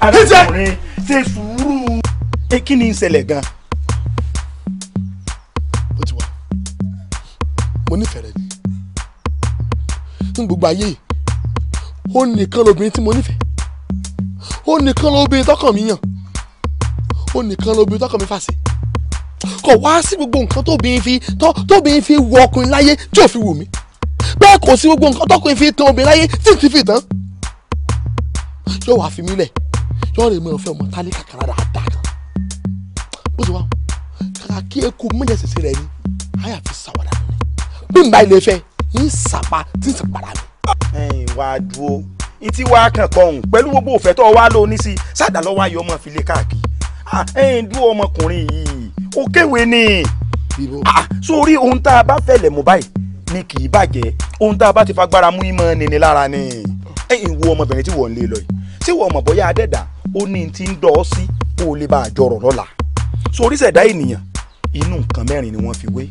arákùnrin ṣe sùúrù. ẹ kí ni ń ṣẹlẹ̀ gan. ó ti wà mo nífẹ̀ẹ́ rẹ ni ní gbogbo ayé ó nìkan lóbìnrin tí mo nífẹ̀ẹ́ ó nìkan lóbìnrin tọkàn mi yàn ó nìkan lóbìnrin tọkàn mi fàṣẹ kò wá sí gbogbo nǹkan tóbìnrin fi tóbìnrin fi wọ ọkùnrin láyé tí ò fi wù mí bẹ́ẹ̀ kò sí gbogbo nǹkan tọkùnrin fi tan obìnrin láyé tí ti fi tán yóò wá fi mí lẹ̀ yóò rè mí ọ̀fẹ́ ọmọ tálíkà kan lára àdá kan bó ti wá kàkà kí eku mẹ́jẹ̀ sèse rẹ̀ ni àyà fi sàwọ́dà mi bí n bá ilé fẹ́ yín sàpá tí n sì mi. ẹ̀yin wá dúró n ti wá kàn kọ òun pẹ̀lú gbogbo òfẹ́ tó wá lóní sí sádà lọ́wọ́ ayọ̀ ọmọ fi lè ah ẹ̀yìn dúró ọmọkùnrin yìí ó kéwèé ni sórí ohun tá a bá fẹ̀lẹ̀ mú báyìí ni kì í bàjẹ́ ohun tá a bá ti fagbára mú ìmọ̀ nìní lára ni ẹ̀yìn wo ọmọbìnrin tí wọ́n ń lé lọ yìí tí wọ́n mọ̀ bóyá adẹ́dà ó ní ti ń dọ̀ ọ́ sí kó o lè bá a jọrọ̀ lọ́la sórí ṣẹ̀dá ènìyàn inú nǹkan mẹ́rin ni wọ́n fi wé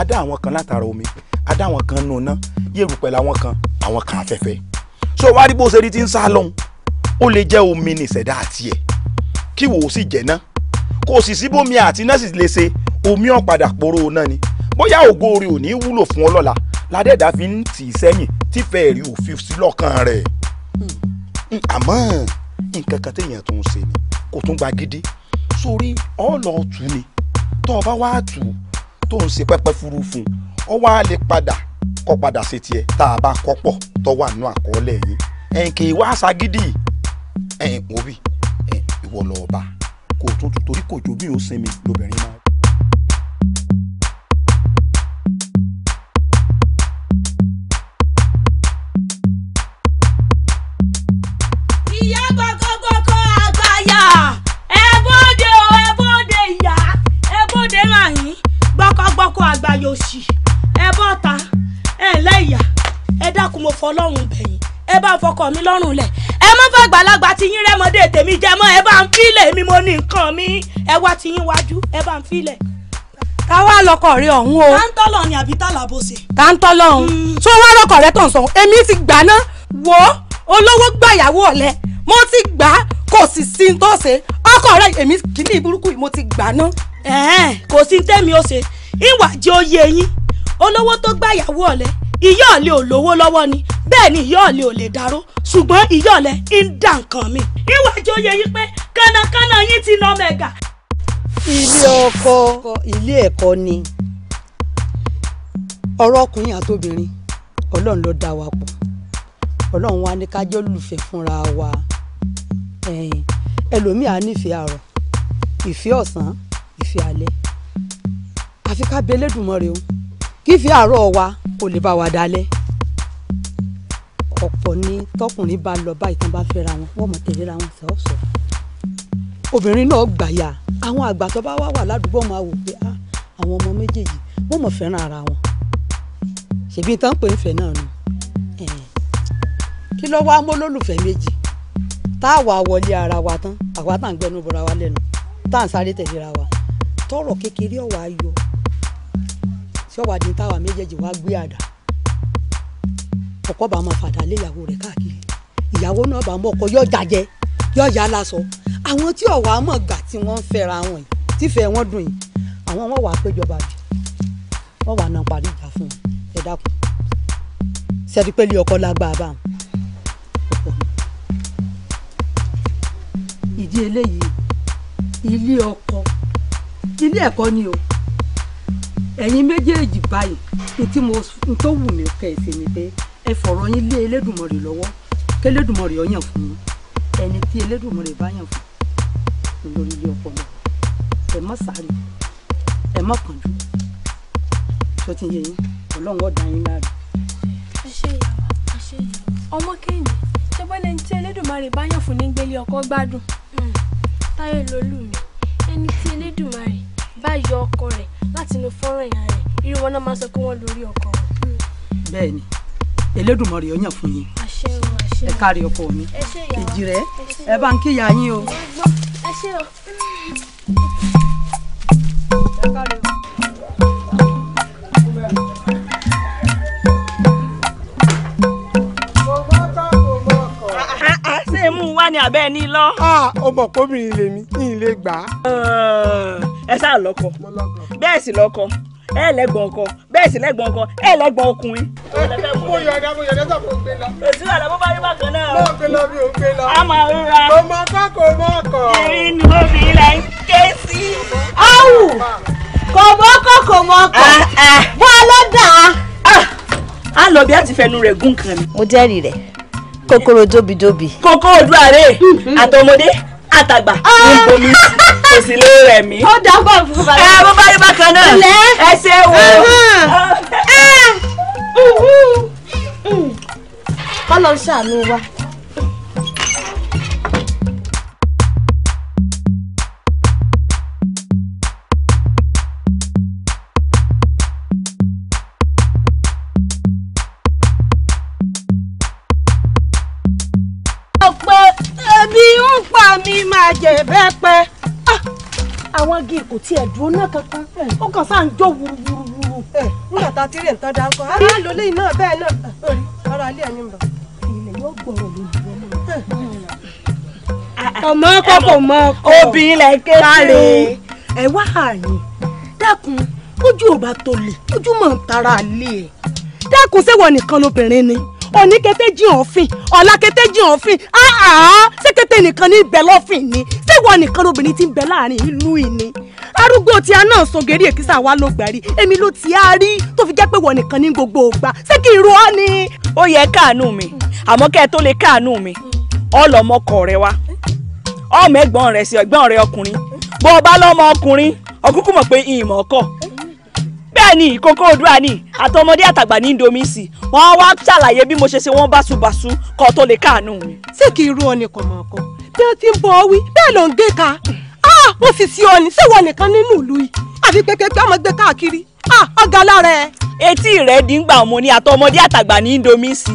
adá àwọn kan látara omi adá àwọn kan nù ná yẹ̀rùpẹ̀ làwọn kan àwọn kan afẹ́fẹ́ So o wá rí bó ṣe rí ti ń sá lọ́hùn ó lè jẹ́ omi nìṣẹ̀dá àti ẹ̀ kí wò ó sì jẹ́ náà kò sì sí bómi àti náà sì lè ṣe omi ọ̀padà poro náà ni bóyá ògo rẹ̀ ò ní wúlò fún ọ ládẹ́dà fi ń tì í sẹ́yìn tífẹ̀ẹ́ rí òfin sí lọ́kàn rẹ̀ hmm. àmọ́ nǹkan kan téèyàn tún ń ṣe ni kò tún gba gidi sórí ọ̀ọ́lọ̀ ni tó o bá wá tù tó ń ṣe pẹ́pẹ́ furu fún ọ wá lè padà kọ́ padà ṣe tiẹ̀ tá a bá kọ́ pọ̀ tó wà nínú àkọọ́lẹ̀ yìí ẹ̀yìn kì í wá ṣagídì ẹ̀yìn ìwọ lọ ọba kò tó torí kò jó bí ó sinmi lóbìnrin máa. gbọ́kọ́ ẹ dákun mo fọ ọlọ́run bẹ̀yìn ẹ bá ń fọkọ mi lọ́rùn lẹ̀ ẹ má fẹ́ gbàlagbà tí yín rẹ́mọdé tèmi jẹ mọ́ ẹ bá ń fílẹ̀ mi mo ní nǹkan mi ẹ wá tí yín wájú ẹ bá ń fílẹ̀. ta wá lọkọ rẹ ọ̀hún o. táńtọ́lọ̀ ni àbí tàlàbọ̀sẹ̀. táńtọ́lọ̀ ọ̀hún tó mm. wá lọkọ rẹ tó sọ èmi ti gbà wo olówó gbàyàwó ọ̀lẹ mo ti gbà kò sì sí ní tó ṣe ọkọ rẹ èmi kìíní burúkú mo ti gbà ẹ̀ẹ́n kò sí tẹ́mi ó ṣe ìwà jẹ́ oyè yín olówó tó gbàyàwó ọ̀lẹ ìyá ọ̀lẹ́ ò lówó lọ́wọ́ ni bẹ́ẹ̀ ni ìyá ọ̀lẹ́ ò lè dáró ṣùgbọ́n ìyá ọ̀lẹ́ ń dà nǹkan mi. ìwà ìjòyè yìí pé kánnakánná yín ti nà mẹ́gà. ilé ọkọ ilé ẹ̀kọ́ ni ọ̀rọ̀ ọkùnrin àtobìnrin ọlọ́run ló dá wa pọ̀ ọlọ́run wa ní kájọ́ lùfẹ́ fúnra wa ẹlòmíà nífẹ̀ẹ́ àrọ̀ ìfẹ́ ọ̀sán ìfẹ́ alẹ́ àfi ká bẹ Elédùmarè o kífi àárọ̀ wa kò lè bá wa dalẹ̀ ọ̀pọ̀ ni tọkùnrin bá lọ báyìí tán bá fẹ́ra wọn wọ́n mọ̀ tẹ̀léra wọn sọ sọ obìnrin náà gbàyà àwọn àgbà tó bá wà wà ládùúgbò máa wò pé ah, àwọn ọmọ méjèèjì wọ́n mọ̀ fẹ́ràn ara wọn ṣèbí tán pé ń fẹ́ náà nù kí ló wá mọ́ méjì tá a wà wọlé ara wa tán àwa tá à ń gbẹnu bọra wa lẹ́nu tá à ń sáré tẹ̀léra wa tọrọ kékeré ọ̀wá tí ọ̀wá di táwa méjèèjì wá gbé àdá ọkọ bá máa fàdá lé ìyàwó rẹ̀ káàkiri ìyàwó náà bá mọ̀ ọkọ yọ jàjẹ yọ yà lásọ àwọn tí ọ̀wá mọ̀ gà tí wọ́n ń fẹ́ra wọn yìí tífẹ̀ẹ́ wọn dùn yìí àwọn wọn wà péjọba bì wọn wà náà parí ìjà fún ẹ dákun sẹ́ni pé ọkọ lágbàá ìdí eléyìí ilé ọkọ ilé ẹ̀kọ́ ni o ẹ̀yin méjèèjì báyìí ntí mo tó wù mí kẹ́ ẹ ṣe ni pé ẹ fọ̀rọ̀ yín lé Elédùmarè lọ́wọ́ k'Elédùmarè ó yàn fún yín ẹni tí Elédùmarè bá yàn fún lórí ilé ọpọlọ ẹ má sáré ẹ má kánjú tó ti yẹ yín Ọlọ́run ó dá yín láre. ẹ ṣe ìyàwó ẹ ṣe ìyàwó ọmọ kéènì ṣẹ́gbẹ́lẹ́ ní tí Elédùmarè bá yàn fún ní gbélé ọkọ gbádùn. Hmm. Táyọ̀ lolú mi ẹni tí Elédùmarè bá yọ ọkọ rẹ̀ láti inú fọ́nrán ìyá rẹ̀ irú wọn náà máa sọ pé wọ́n lórí ọkọ wọn. bẹ́ẹ̀ni Elédùmarè ó fún yín ẹ kárí ọkọ mi ìjì rẹ ẹ bá ń kíyà yín o. ẹ ṣé o. wá ní abẹ́ ní lọ. ó mọ̀ pé obìnrin lè mí kí n lè gbà á. ẹ sáà lọ́kọ bẹ́ẹ̀ sì lọ́kọ ẹ lẹ́gbọ̀n ọkọ bẹ́ẹ̀ sì lẹ́gbọ̀n ọkọ ẹ lẹ́gbọ̀n ọkùnrin. mo yọ̀dá mo yọ̀dá sàpò gbé lọ. èsì wà lọ́wọ́ bá rí bákan náà. mo gbé lọ mi ò gbé lọ. a máa ń ra. mo máa kọ́ kó mọ́ ọkọ̀. ìrìn ni mo fi ilẹ̀ ń ké sí. áwù kò mọ́ ọkọ̀ kò mọ́ ọkọ̀ ah, ah. bọ́ ọ lọ́dà. a ah, lọ bí a ti fẹnu rẹ̀ gún kan mi. mo jẹ́rìí rẹ̀ kòkòrò jobijobi. kòkòrò dúàrè àtọmọdé àtàgbà ń ah! bomi kò sì lè rẹ̀ mí. ó dábọ̀ fún bàbá. ẹ bó bá rí bákan náà ẹ ṣe wò. kọ́lọ́ ń ṣàánú wa. jẹ bẹ́ẹ̀ pẹ́ ah, àwọn igi kò tiẹ̀ dúró náà kankan ó kàn sáà ń jó wuruwuruwuru. nígbà tá a ti rí nǹkan dáa kan ara ló léyìn náà bẹ́ẹ̀ náà ara alẹ́ ẹni mọ̀. ilẹ̀ yóò gbọ̀rọ̀ lójú ọmọ ọkọ kò mọ ọkọ obìnrin lẹ ké ẹ wá àyìn dákun ojú ò bá tó lè ojú mọ̀ ń tara lé e ṣé wọ nìkan lóbìnrin ni òní kété jìn òfin ọ̀la kété jìn òfin áá ṣé kété nìkan ní ibẹ̀ lọ́fìn ni ṣé ìwọ nìkan lóbìnrin ti ń bẹ láàrin ìlú ìní arúgbó tí a náà sọ gèrè èkìsà wa ló gbà rí èmi ló ti á rí tó fi jẹ́ pé wọ nìkan ní gbogbo ògbà ṣé kí irú ọ ni. ó yẹ káàánú mi àmọ́ kẹ́ ẹ tó lè káàánú mi ọlọmọkọ rẹ wa ọmọ ẹ̀gbọ́n rẹ sí ẹ̀gbọ́n ọkùnrin bó o bá lọ́mọ ọkùnrin ọkùnkùn mọ̀ pé ìmọ̀ ọkọ̀ bẹ́ẹ̀ ni ìkókó òdúrà ni àtọmọdé àtàgbà ní indomie sí wọ́n wá ṣàlàyé bí mo ṣe ṣe wọ́n báṣubàṣu kọ́ tó lè káàánú mi. ṣé kì í ru ọ nìkan mọ̀ ọkọ bí wọ́n ti ń bọ̀ wí bẹ́ẹ̀ ló ń gbé ka wọ́n ah, sì sí ọ ní ṣé wọ́n nìkan nínú ìlú yìí àfi pẹ́pẹ́pẹ́ ọmọ gbé káàkiri ah, ọ̀gá lára ẹ̀. etí rẹ̀ di ń gbà ọmọ ní àtọmọdé àtàgbà ní indomie sí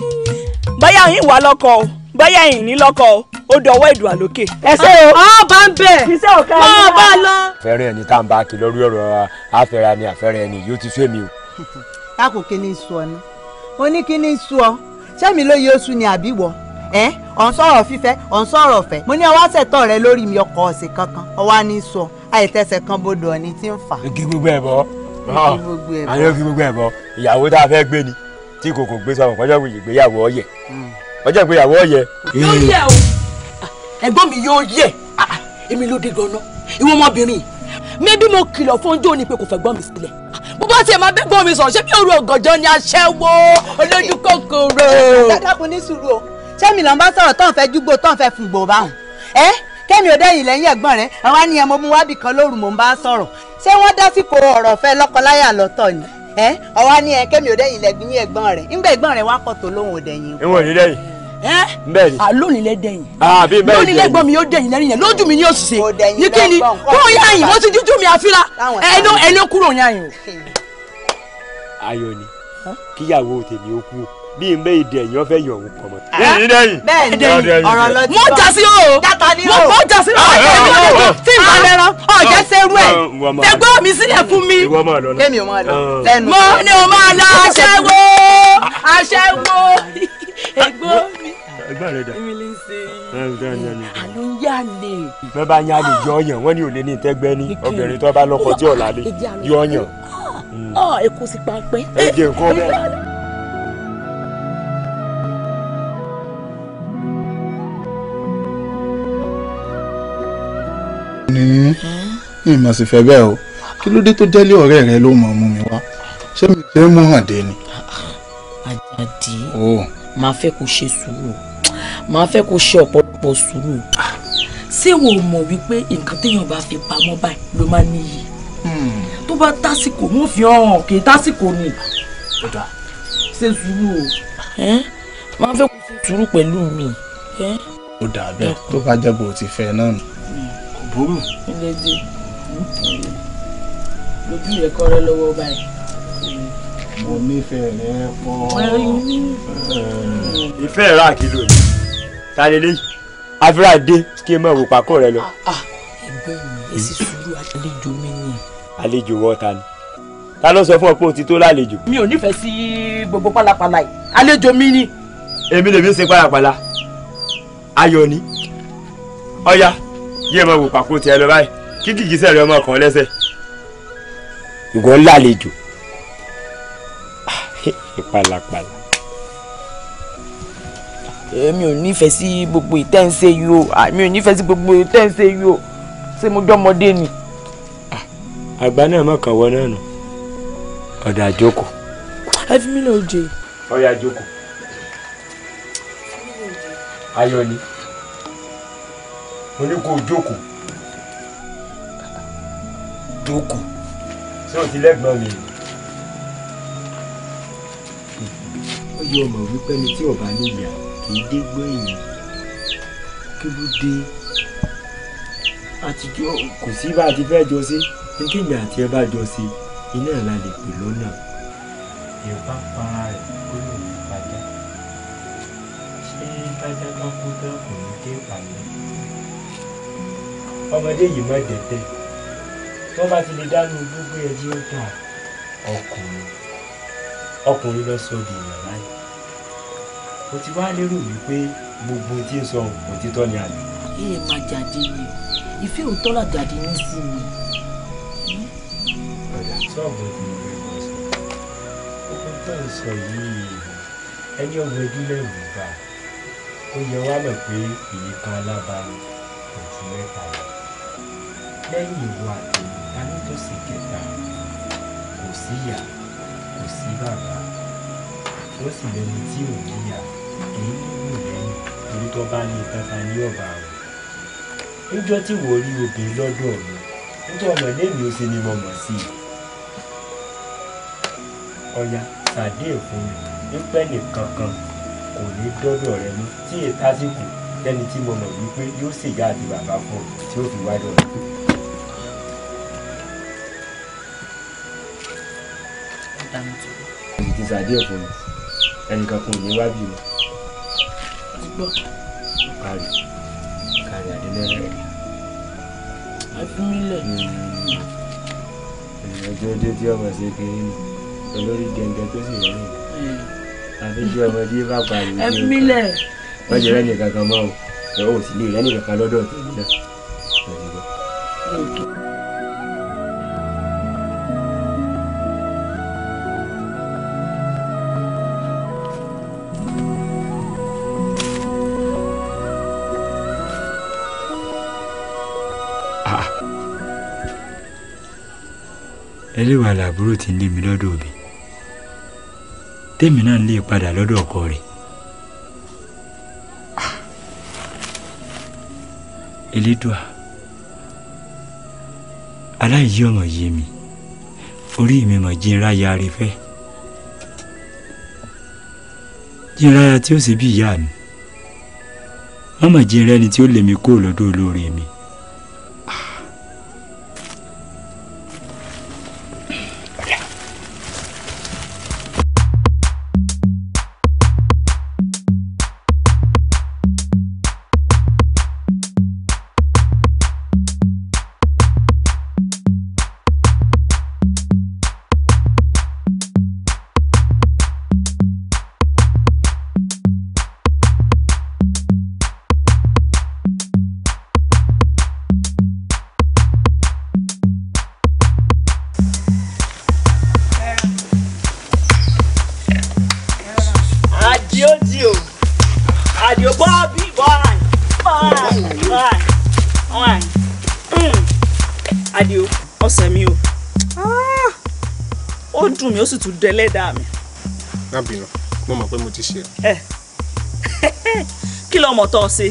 bóyá yín wà lọ́kọ bóyá yín ní lọ́kọ ó dọwọ́ ìdùnnà lókè. ẹsẹ̀ o ọba ah, ah, ń bẹ̀ iṣẹ́ ọ̀ka ẹ̀ máa ah, bá lọ. fẹ́rẹ̀ ẹni tá à ń bá kí lórí ọ̀rọ̀ afẹ́ra ni àfẹ́rẹ́ ẹni yóò ti sú èmi o. a kò kí ni sọ ni mo ní kí ni sọ sẹ́mi ló yẹ oṣù ni àbí wọ ẹ ọ̀n sọ̀rọ̀ fífẹ́ ọ̀n sọ̀rọ̀ fẹ́ mo ní ọwọ́ àṣetọ̀ rẹ lórí mi ọkọ̀ ọ̀sẹ̀ kankan ọwọ́ ni sọ àìtẹ́sẹ̀ kan bodò ọ̀ni tí ń fà. igi gbogbo ẹ̀ bọ́ àyọ̀ igi gbogbo ẹ̀ bọ́ ìyàwó tá a fẹ́ gbé ni tí kòkò gbé sọ̀rọ̀ kọjọ́ ìgbéyàwó ọ̀yẹ̀ hmm. ọjọ́ ìgbéyàwó ọ̀yẹ̀. yóò yẹ o ẹ̀gbọ́n mi yóò yẹ ah, ah, èmi ló dé gan-an ìwọ ọmọbìnrin mébí mo kìlọ̀ fún ọjọ́ òní pé kò fẹ́ gbọ́n mi sílẹ̀ bó bá tiẹ̀ máa bẹ́ gbọ́n mi sọ̀rọ̀ ṣé bí òru ọ̀gànjọ́ ni aṣẹ́wó olójú kòkòrò. dákun ní sùúrù o sẹ́mi lọ́n bá sọ̀rọ̀ tó ń fẹ́ júgbó tó ń fẹ́ fún gbòòbá hàn ẹ́ kẹ́mi ò dẹ́yìn lẹ́yìn ẹ̀gbọ́n rẹ̀ àwa ni ẹ̀ mo mú wábì kan lóru mò ń bá sọ̀rọ̀ ṣé wọ́n dásìkò ọ̀rọ̀ fẹ́ lọ́kọláyà lọ́tọ̀ ni ẹ́ ọ̀wá ni ẹ̀ kẹ́mi ò dẹ́yìn lẹ́gbìn ẹ̀gbọ́n rẹ̀ ńgbẹ́ ẹ̀gbọ́n rẹ̀ wá kọ̀ tó lóhùn òdẹ̀yìn. ìwọ̀n yìí dẹ́yìn Eh? ẹ ah, lónìí lẹ dẹyìn ah, lónìí lẹ gbọ́n mi yóò dẹyìn lẹ́yìn yẹn lójú mi ni yóò ṣiṣẹ́ ní kí ni kó o yá yìn wọ́n ti dúdú mi àfira ẹni ẹni ó kúrò yá yìn o. ayọ̀ ni kíyàwó tèmi ó kú bí n bẹ ìdè ẹ̀yìn ọ̀fẹ́ yọ̀ ọ̀hún pọ̀ mọ́. Ah, ẹ̀yìn dẹ́yìn bẹ́ẹ̀ dẹ́yìn ọ̀rọ̀ lọ ti sọ mo jà sí o mo mo jà sí o ẹ̀mí ò lè tí n bá lẹ́rán ọ̀jẹ̀ serú ẹ̀ tẹ́gbẹ́ mi sílẹ̀ fún mi kémi ò máa lọ lẹ́nu. mo ní o máa lọ aṣẹ́wó aṣẹ́wó ẹ̀gbọ́n ẹ̀gbọ́n rẹ dà. èmi lè ṣe yìí. àló ń yá lè. bẹ́ẹ̀ bá yá lè yọ ọyàn wọ́n ní òlé ní ìtẹ́gbẹ́ ní obìnrin tó bá lọ́kọ tí ọ̀la lè yọ ọyàn. ọ ah, ah, èkó sì pa pé. ẹ jẹ nǹkan bẹ́ẹ̀. ní mi mà sì fẹ́ bẹ́ẹ̀ o kí ló dé tó jẹ́lé ọ̀rẹ́ rẹ ló mọ̀ mú mi wá ṣé mi ṣe é mú ni. Ah, àjàdí oh. máa fẹ́ kó ṣe sùúrù màá fẹ́ kó ṣe ọ̀pọ̀lọpọ̀ sùúrù. ṣé wo mọ̀ wípé nǹkan téèyàn bá fi pamọ́ báyìí ló máa níyì hmm. tó bá tásìkò wọn fi hàn kì í tásìkò ni ṣe sùúrù o máa fẹ́ kó ṣe sùúrù pẹ̀lú mi. ó dà bẹ́ẹ̀ tó bá jẹ́ bó ti fẹ́ náà hmm. kò burú. ilé dé lójú rẹ kọ́rẹ́ lọ́wọ́ báyìí mo nífẹ̀ẹ́ rẹ pọ̀. ìfẹ́ rà kìlò ni ta lè léyìí àfúrà dé kí ẹ mọ̀ wò pàkó rẹ lọ. Ah, ah, ẹgbẹ́ mi èsì sùúrù àlejò mi ni. àlejò wọ ta ni ta ló sọ fún ọ pé o ti tó lálejò. mi ò nífẹ̀ẹ́ sí gbogbo pálapàla yìí àlejò mi ni. èmi lèmi ń ṣe pálapàla ayọ̀ ni ọ̀ya yé mọ̀ wò pàkó tiẹ̀ lọ báyìí kí kìkìsẹ́ rẹ ọmọ kan lẹ́sẹ̀. ìwọ ń lálejò ah, pálapàla èmi eh, ò nífẹ̀ẹ́ sí gbogbo ìtẹ́ǹsẹ̀ yìí o èmi ò nífẹ̀ẹ́ sí gbogbo ìtẹ́ǹsẹ̀ yìí o ṣé mo dọ́mọdé ni. Ah, àgbà náà mọ̀ kàn wọ náà nù ọ̀dà àjókòó. ẹ fi mí lọ jẹ. ọyà àjókòó. ayọ̀ ni mo ní kó o jókòó. jókòó. ṣé o ti lẹ́gbọ̀n mi ni. yóò mọ̀ wípé ní tí ò bá ní ìyá kì í dé gbẹ̀yìn kí ló dé àtijọ́ kò sí bá a ti fẹ́ jọ sí ní kí ìgbà tí ẹ bá jọ sí iná la lè pè lọ́nà. yorùbá para rẹ̀ kó lè ní bàjẹ́ ṣé bàjẹ́ bá kú tán kò ní dé ìpàdé. ọmọdé yìí má dẹ̀tẹ̀ tó bá ti lè dánú gbogbo ẹjí ó dà ọkùnrin ọkùnrin lọ sọ di ìyàrá yìí mo ti wá lérò wípé gbogbo tí ń sọ òtítọ́ ni àná. ẹ ẹ máa jáde ni ìfẹ́ òótọ́ làjáde ní sí mi. ọ̀dà sọ́ọ̀bù ti ń bẹ̀rẹ̀ wọ́n sọ ohun tó ń sọ yìí ẹni ọmọ ìdílé ìwúgbà ó yẹ wá lọ pé èyí alába òtún mẹ́ta lọ lẹ́yìn ìwọ àtẹ̀yìn dání tó sì kẹta kò síyà kò sí bàbá ó sì lẹni tí ò níyà torí tó bá ní kankan ní ọ̀bà rẹ̀ níjọ́ tí wò rí obìnrin lọ́dọ̀ mi níjọ́ ọmọ lẹ́mi ó ṣe ni mo mọ̀ sí i ọ̀ya sàdé fún mi nípẹ́ nìkan kan kò ní dọ́dọ̀ rẹ mú tí ìtàsìkò lẹ́ni tí mo mọ̀ wípé yóò ṣèyá àti bàbá fún ọ tí ó fi wá dọ̀ mí. ìtìsàdé fún mi ẹnìkan kò ní wá bí mi gbọ́. kárí kárí adélẹ́rẹ́ rẹ̀. àfimílẹ̀. ọjọ́ ọjọ́ tí ọmọ ṣe kiri ni olórí gẹ̀ǹgẹ̀ tó sì rẹ̀ ni àfi tí ọmọdé bá pariwo. àfimílẹ̀. wọ́n jẹ́ rẹ́nì kankan mọ́ o ẹ̀ ò sì lè rẹ́nì kankan lọ́dọ̀ tó ní náà. ẹlẹ́wà làbúrò ti ń lé mi lọ́dọ̀ òbí tèmi náà ń lé e padà lọ́dọ̀ ọkọ rẹ̀ elédùà aláìyí ọmọ yé mi orí mi mọ̀ jí ráyà rí fẹ́ jí ráyà tí ó sì bí ìyá mi mọ̀mọ̀ jí rẹ́ni tí ó lè mi kó lọ́dọ̀ olóore mi. ọ̀dọ̀ ẹlẹ́dàá mi. má bínú mo mọ̀ pé mo ti ṣe ẹ. kí ló mọ̀ tó o ṣe.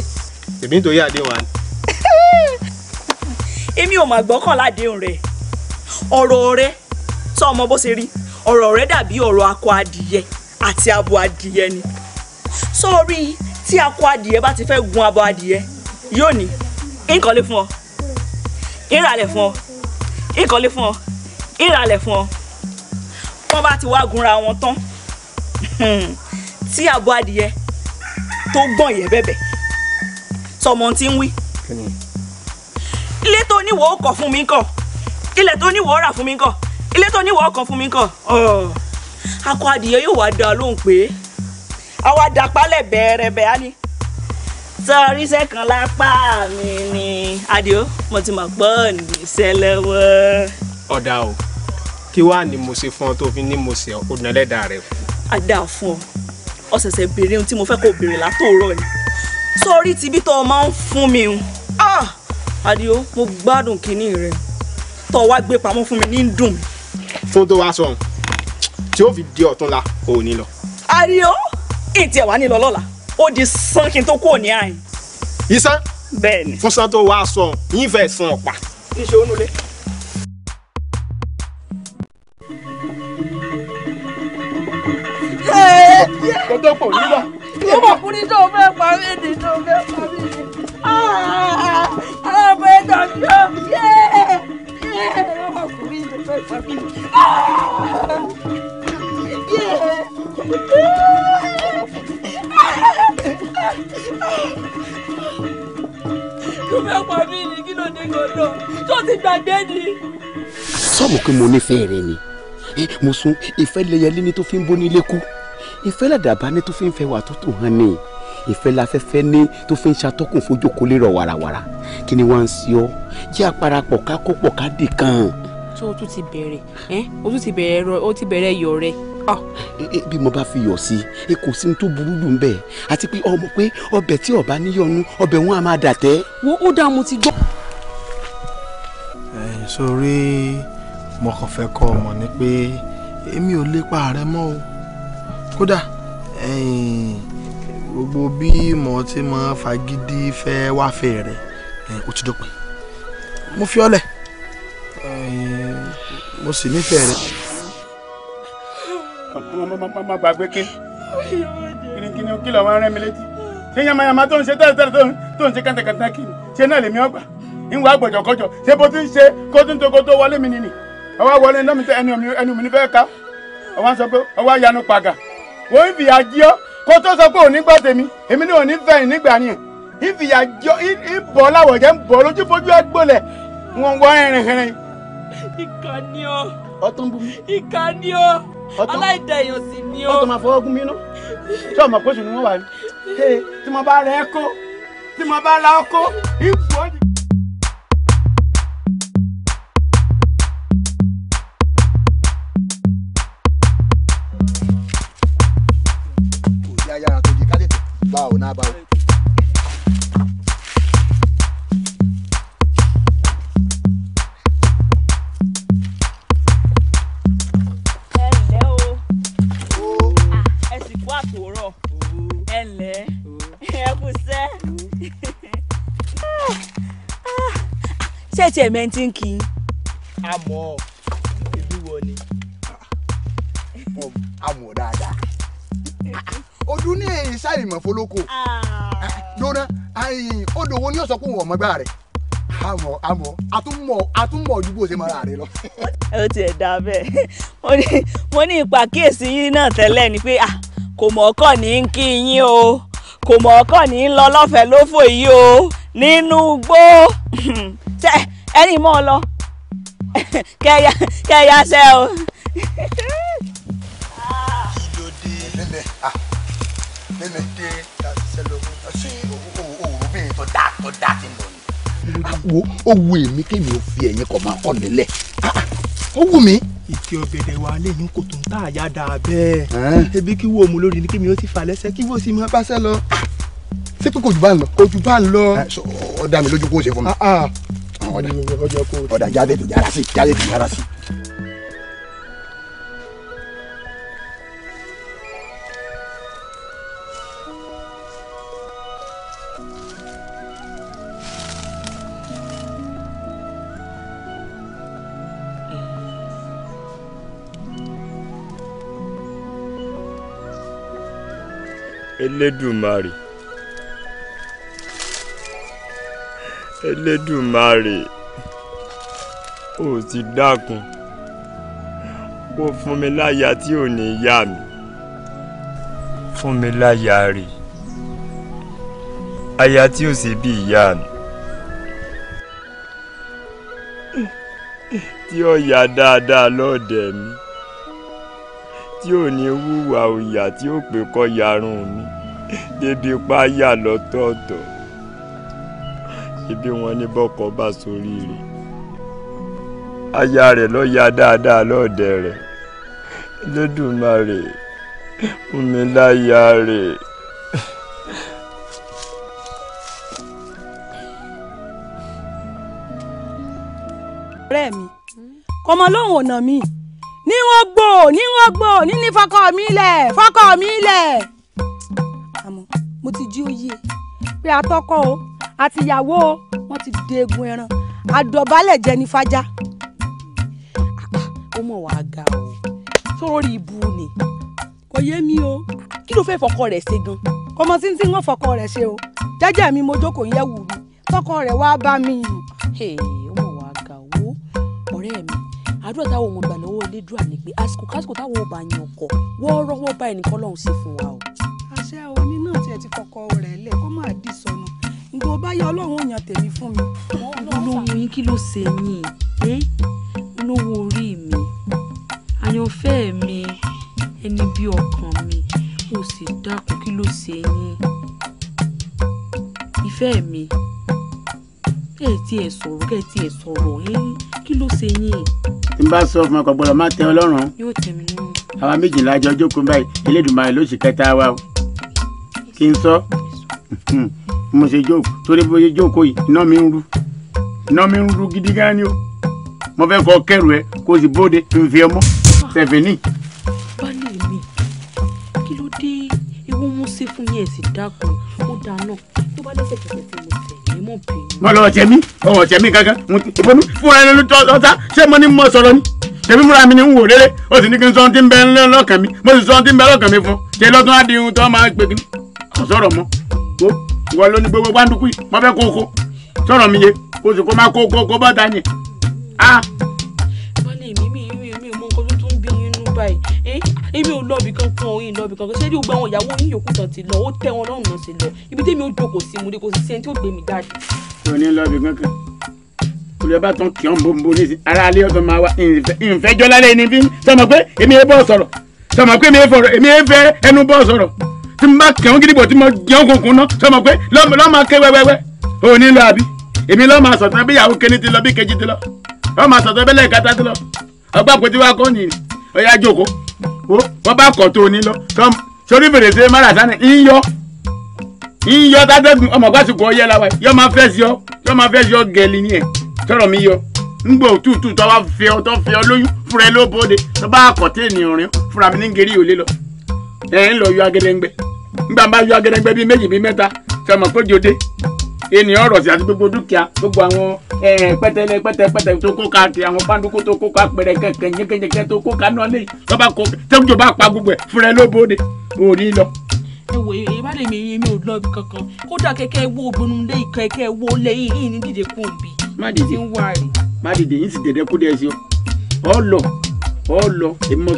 èmi nítorí àdéhùn àná. èmi ò mà gbọ́kàn ládéhùn rẹ̀ ọ̀rọ̀ rẹ̀ sọ ọmọ bó ṣe rí ọ̀rọ̀ rẹ̀ dàbí ọ̀rọ̀ akọ adìyẹ àti abo adìyẹ ni sọ́ọ́rí tí akọ adìyẹ bá ti fẹ́ gun abo adìyẹ yóò ní ìkọ́lé fún ọ ìràlẹ̀ fún ọ ìkọ́lé fún ọ ìràlẹ̀ fún ọ wọ́n bá ti wá gunra wọn tán tí àbọ̀ adìyẹ tó gbọ̀n yẹ bẹ̀bẹ̀ sọmọ tí ń wí. ilé tó níwọ̀ ó kọ̀ fún mi kọ̀ ilé tó níwọ̀ ó rà fún mi kọ̀ ilé tó níwọ̀ ó kàn fún mi kọ̀ akọ adìyẹ yóò wá dá lóhùn pé àwa dàpálẹ̀ bẹ̀rẹ̀bẹ̀ á ní sọrí sẹ́kàn lápá mi ni adìyẹ mo ti mọ̀ pé ní sẹ́lẹ̀ wọ́n. ọ̀dà o kí wàá ní mo ṣe fún ọ tó fi ní mo ṣe ọkùnrin ẹlẹ́dàá rẹ. a dáa fún ọ ọ̀sẹ̀sẹ̀ béèrè ohun tí mo fẹ́ kó béèrè látòórọ̀ ni sórí tibí tó o máa ń fún mi o ah! Àdìó mo gbádùn kínní rẹ tó o wá gbé pamọ́ fún mi ní dùn. fún tó wá sọhùn tí ó fi di ọ̀túnla ò ní lọ. Àdìó ètí ẹ̀ wá nílọ lọ́la ó di sán kí n tó kúrò ní àyìn. isán bẹ́ẹ̀ ni fún sán tó wá sọhùn yín fẹ́ san ọ̀pá. iṣẹ́ onúlé. kó tó pò nígbà. ọmọ ọkùnrin tó fẹ́ pa mí ni tó fẹ́ pa mí ni. Ah, ọmọ ẹ̀dọ̀ mi ò yé yé ọmọ ọkùnrin tó fẹ́ pa mí ni. yé. tó fẹ́ pa mí ni kí ló dé gbọdọ̀ tó ti gbàgbé ni. sọ́ọ̀mù pé mo nífẹ̀ẹ́ rẹ ni eh, mo sún ìfẹ́ lẹ́yẹlé ni tó fi ń bó nílé kú ìfẹ́ làdàbà ní tó fi ń fẹ́ wà tó tó hàn ní ìfẹ́ láfẹ́fẹ́ ní tó fi ń ṣàtọ́kùn fún jókòólé rọ̀ wàràwàrà kí ni wọ́n ń sí ọ jẹ́ àparapọ̀ ká kó pọ̀ ká dì kan. tó o tún ti bẹ̀rẹ̀ ẹ́ o tún ti bẹ̀rẹ̀ rọ o ti bẹ̀rẹ̀ yọ̀ rẹ. Ah. bí mo bá fi yọ̀ sí i kò sí tó burú dùn bẹ́ẹ̀ àti pé ọmọ pé ọbẹ̀ tí ọba níyọnu ọbẹ̀ wọn a máa dà tẹ́. wo ó dá mo ti gbọ́. ẹ sọ mo kàn fẹ́ kọ́ ọmọ ni pé èmi ò lépa rẹ mọ́ o kódà gbogbo bí mo ti mọ fagídí fẹ́ wáfẹ́ rẹ̀ ó ti dópin mo fi ọlẹ̀ mo sì nífẹ̀ẹ́ rẹ̀. má gbàgbé kí kìnìkìnì kí lọ wá rẹ́ mi létí ṣé yamayama tó ń ṣe tẹ́lẹ̀tẹ́lẹ̀ tó ń ṣe kàntàkàntà kì í ṣe náà lèmi ọgbà ìwà àgbọ̀jọ̀kọ̀jọ̀ ṣé bó ti ń ṣe kó tó ń tó wọlé mi nìyí ọwọ́ wọlé ẹni mi ẹni mi ní fẹ́ ká ọwọ́ sọ pé ọwọ́ yanu pàgà wọ́n ìfìyà jí ọ́ kó tó sọ pé òní gbọ́ tèmi èmi ni òní fẹ̀yìn nígbà yẹn ìfìyà jí ọ́ ìbọ̀ láwọ̀ jẹ́ ń bọ̀ lójú fojú ẹ gbọ́lẹ̀ wọ́n wọ́n rìnrìn rìnrìn. ìkà ni ọ ọtún bú mi. ìkà ni ọ aláìda èèyàn sì ni ọ. ọtún máa fọwọ́ gún mi ná ṣé ọmọ kóṣù ni wọ́n wà ní. tí mo bá rẹ ẹ kó tí mo bá la ọkọ ìbò. bow, now bow. ṣé tiẹ̀ mẹ́ntì ń kí. a mọ̀ ọ́. ṣàìmọ̀ fọlọ́kọ lóná odò wo ni yóò sọ pé òun ọmọ gbà rẹ̀ àmọ́ àmọ́ àtúmọ̀ àtúmọ̀ ojú bó ṣe máa rẹ̀ lọ. ó tiẹ̀ dá bẹ́ẹ̀ mo ní ìpàkíyèsí yín náà tẹ́lẹ̀ ni pé kò mọ̀ ọkọ̀ ní kí yín o kò mọ̀ ọkọ̀ ní lọ lọ́fẹ̀ẹ́ lófò yìí o nínú gbó ẹni mọ́ ọ lọ kẹ́ẹ̀yà ṣẹ́ o. wo ó wu èmi kémi ò fi ẹ̀yìn kọ̀ máa kọ̀ nílẹ̀ ó wù mí. ìkí ọ̀gẹ̀dẹ̀ wa lè ní kò tó ń tà yá dáa bẹ́ẹ̀ ebi kí wo mu lórí ni kémi ó ti fà lẹ́sẹ̀ kí wo sì máa báṣẹ́ lọ. ṣé pé kò jù bá ń lọ. kò jù bá ń lọ. ó ah, ah. dá mi lójú kó o ṣe fún mi. ọ̀dà jáde tó yára sí jáde tó yára sí. Elédùmarè Elédùmarè ó ti dákun kó fún mi láya tí ò ní yá mi fún mi láya rè aya tí ò sí bí ìyá mi tí ó yá dáadáa lọ́ọ̀dẹ̀ mi tí ò ní wúwa òyà tí ó pè kọ́ yarun mi débi páyà lọ́tọ̀ọ̀tọ̀ ibi wọn ní bọ́kọ bá sórí rẹ̀ aya rẹ̀ ló ya dáadáa lọ́ọ̀dẹ rẹ̀ lẹ́dùnmarè fún mi rẹ̀. ọ̀rẹ́ mi kọ́mọ ọ̀nà mi ni wọ́n ní rọgbò ní ní fọkọ mi lẹ̀ fọkọ mi lẹ̀. àmọ́ mo ti jí òye pé atọ́kọ o àtìyàwó o wọ́n ti deegun ẹran àdọ̀bálẹ̀ jẹ́ ní fájá. ó mọ̀ wá ga o sórí ibu ni kò yé mi o kí ló fẹ́ fọkọ rẹ̀ ṣe gan kọmọ tí ń tí wọ́n fọkọ rẹ̀ ṣe o jẹ́jẹ́ mi mo jókòó yẹ̀ wù mí tọkọ rẹ̀ wá bá mi. ó mọ̀ wá ga owó ọ̀rẹ́ mi àdúrà táwọn ọmọ ìgbà lọ́wọ́ elédùà ni pé àsìkò kásìkò táwọn ọba yàn ọkọ̀ wọ́ọ́rọ́wọ́ báyìí nìkan lọ́hùn sí fún wa o. àṣẹ oní náà tiẹ̀ ti kọ́kọ́ rẹ̀ lẹ̀ kó máa dì sọnù ǹgbọ́ bá yẹ ọlọ́run ò yàn tèmi fún mi. olówó yín kí ló ṣe yín ẹ olówó orí mi àyànfẹ́ mi ẹni bí ọkàn mi ò sì dákun kí ló ṣe yín ìfẹ́ mi kẹ́ ẹ̀ tiẹ̀ sọ̀rọ̀ kẹ́ ẹ̀ tiẹ̀ sọ̀rọ̀ ẹ́ kí ló ṣe yín. tí n bá sọ fún ọkọ gbọ́dọ̀ má tẹ́ ọ lọ́rùn. yóò tẹ́ mi àwa méjìlá jọ jókòó báyìí Elédùmarè ló kẹta wa o kí n sọ mo ṣe jókòó torí bó ṣe jókòó yìí iná mi ń rú iná mi ń rú gidi gan ni o mo fẹ́ kọ́ kẹrù ẹ kó o sì bóde nfi ọmọ sẹfẹ̀nì. baálé mi kí ló dé ewu mú sí fún yẹn sì dákun ó dáná tó bá lẹ́sẹ̀ kẹsẹ̀ tí wọn lọ ọ̀tẹ̀ mi ọwọ́ ọ̀tẹ̀ mi kankan ìbomi fúnra ẹni ló tọ́ta ṣé mo ní mọ sọ̀rọ̀ ni tẹ̀mí múra mi ni ń wò rere ó sì ní kí n sọ ohun tí ń bẹ lọ́kàn mi mo sì sọ ohun tí ń bẹ lọ́kàn mi fún ṣe lọ́tún á di ohun tó máa gbé kí n sọ̀rọ̀ mọ́ o ìwọ ló ní gbogbo gbàǹdùkú yìí mo fẹ́ kó o kó sọ̀rọ̀ mi yé o sì kó má kó o kó o bọ́ta yẹn ah! èmi ò lọ ibì kankan òyìn lọ ibì kankan ṣé ní gbogbo àwọn ìyàwó yín yòókù tán ti lọ ó tẹ́ wọn lọ́rùn náà ti lọ ibi tẹ́mi ó jókòó sí mu ni kò sì sí ẹni tí ó gbé mi jáde. kò ní lọ ibì kankan olùyọba tán kì í bòǹbò ní ìsìn ara alẹ́ ọ̀tọ̀ máa wá ìfẹ́jọ́ lálẹ́ ní bí sọmọ pé èmi ẹ bọ́ sọ̀rọ̀ sọmọ pé èmi ẹ fẹ́ ẹnu bọ́ sọ̀rọ̀ tí mo bá kẹ̀hún gidigbo tí mo jẹun kunkun ná sọmọ pé lọ́mọ akẹ́ wẹ́wẹ́wẹ́ ò ní lọ àbí èmi lọ́mọ àsọ̀tàn bí ìyàwó kéne ti lọ bí kejì ti lọ lọ́mọ àsọ̀tàn bẹ́lẹ̀ kata ti lọ ọgbà wo wọ́n bá kọ̀ tó ní lọ kàn sórí fèrèsé máràtá ni ń yọ ń yọ tádẹ́gùn ọmọ gbàsùkò ọyẹ la wa yọ máa fẹ́ sí ọ yọ máa fẹ́ sí ọ gẹ̀ẹ́lì ni ẹ̀ sọ̀rọ̀ mi yọ ngbọ òtútù tó wá fẹ́ ọ tó fẹ́ ọ lóyún fúnra ẹ ló bóde tó bá kọ̀ tí ènìyàn rìn fúnra mi ní gèrè òlé lọ ẹ ń lọ yọ agẹdẹgbẹ ngbà máa yọ agẹdẹgbẹ bíi méjì bíi mẹ́ta sọmọ pé jòdè ènìyàn rọ̀ sí àti gbogbo dúkìá gbogbo àwọn pẹ́tẹ́lẹ́ eh, pẹ́tẹ́pẹ́tẹ́ tó kó ká kiri àwọn pàǹdùkú tó kó ká pẹ̀rẹ̀ kẹ̀kẹ́ yẹ́kẹ́yẹ́kẹ́ tó kó ká náà lé lọ́ba kó tẹ́kùjọ bá pa gbogbo ẹ̀ fúnra ẹ lóbòde òní lọ. ẹ wò ẹ bá lè mi rin mi ò lọ ibi kankan kódà kẹ̀kẹ́ wo obìnrin lé ikọ̀ wo lẹ́yìn yìí ní dìde kún òbí. má dìde má dìde yín sì dẹ̀dẹ̀ kú dẹ̀ sí ọ ọ lọ ọ lọ èmi mọ̀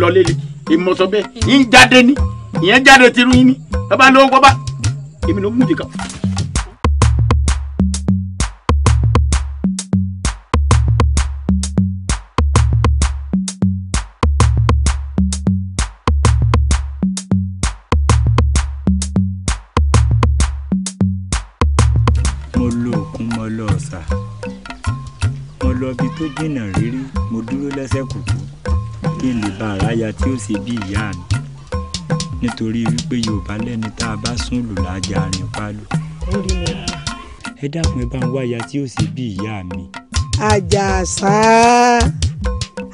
lọ lẹ́rọ̀ bá èmi ló mú dìgà. mo lo òkun mo lọ ọ̀sà mo lọ ibi tó jìnnà rírí mo dúró lẹ́sẹ̀ kùkú kí n lè bá aráyà tí ó ṣe bí ìyá mi nítorí wípé yorùbá lẹ́ni tá a bá sún lù lájà rìn pálù. ẹ dákun ẹ bá ń wáyà tí ó sì bí ìyá mi. àjàsá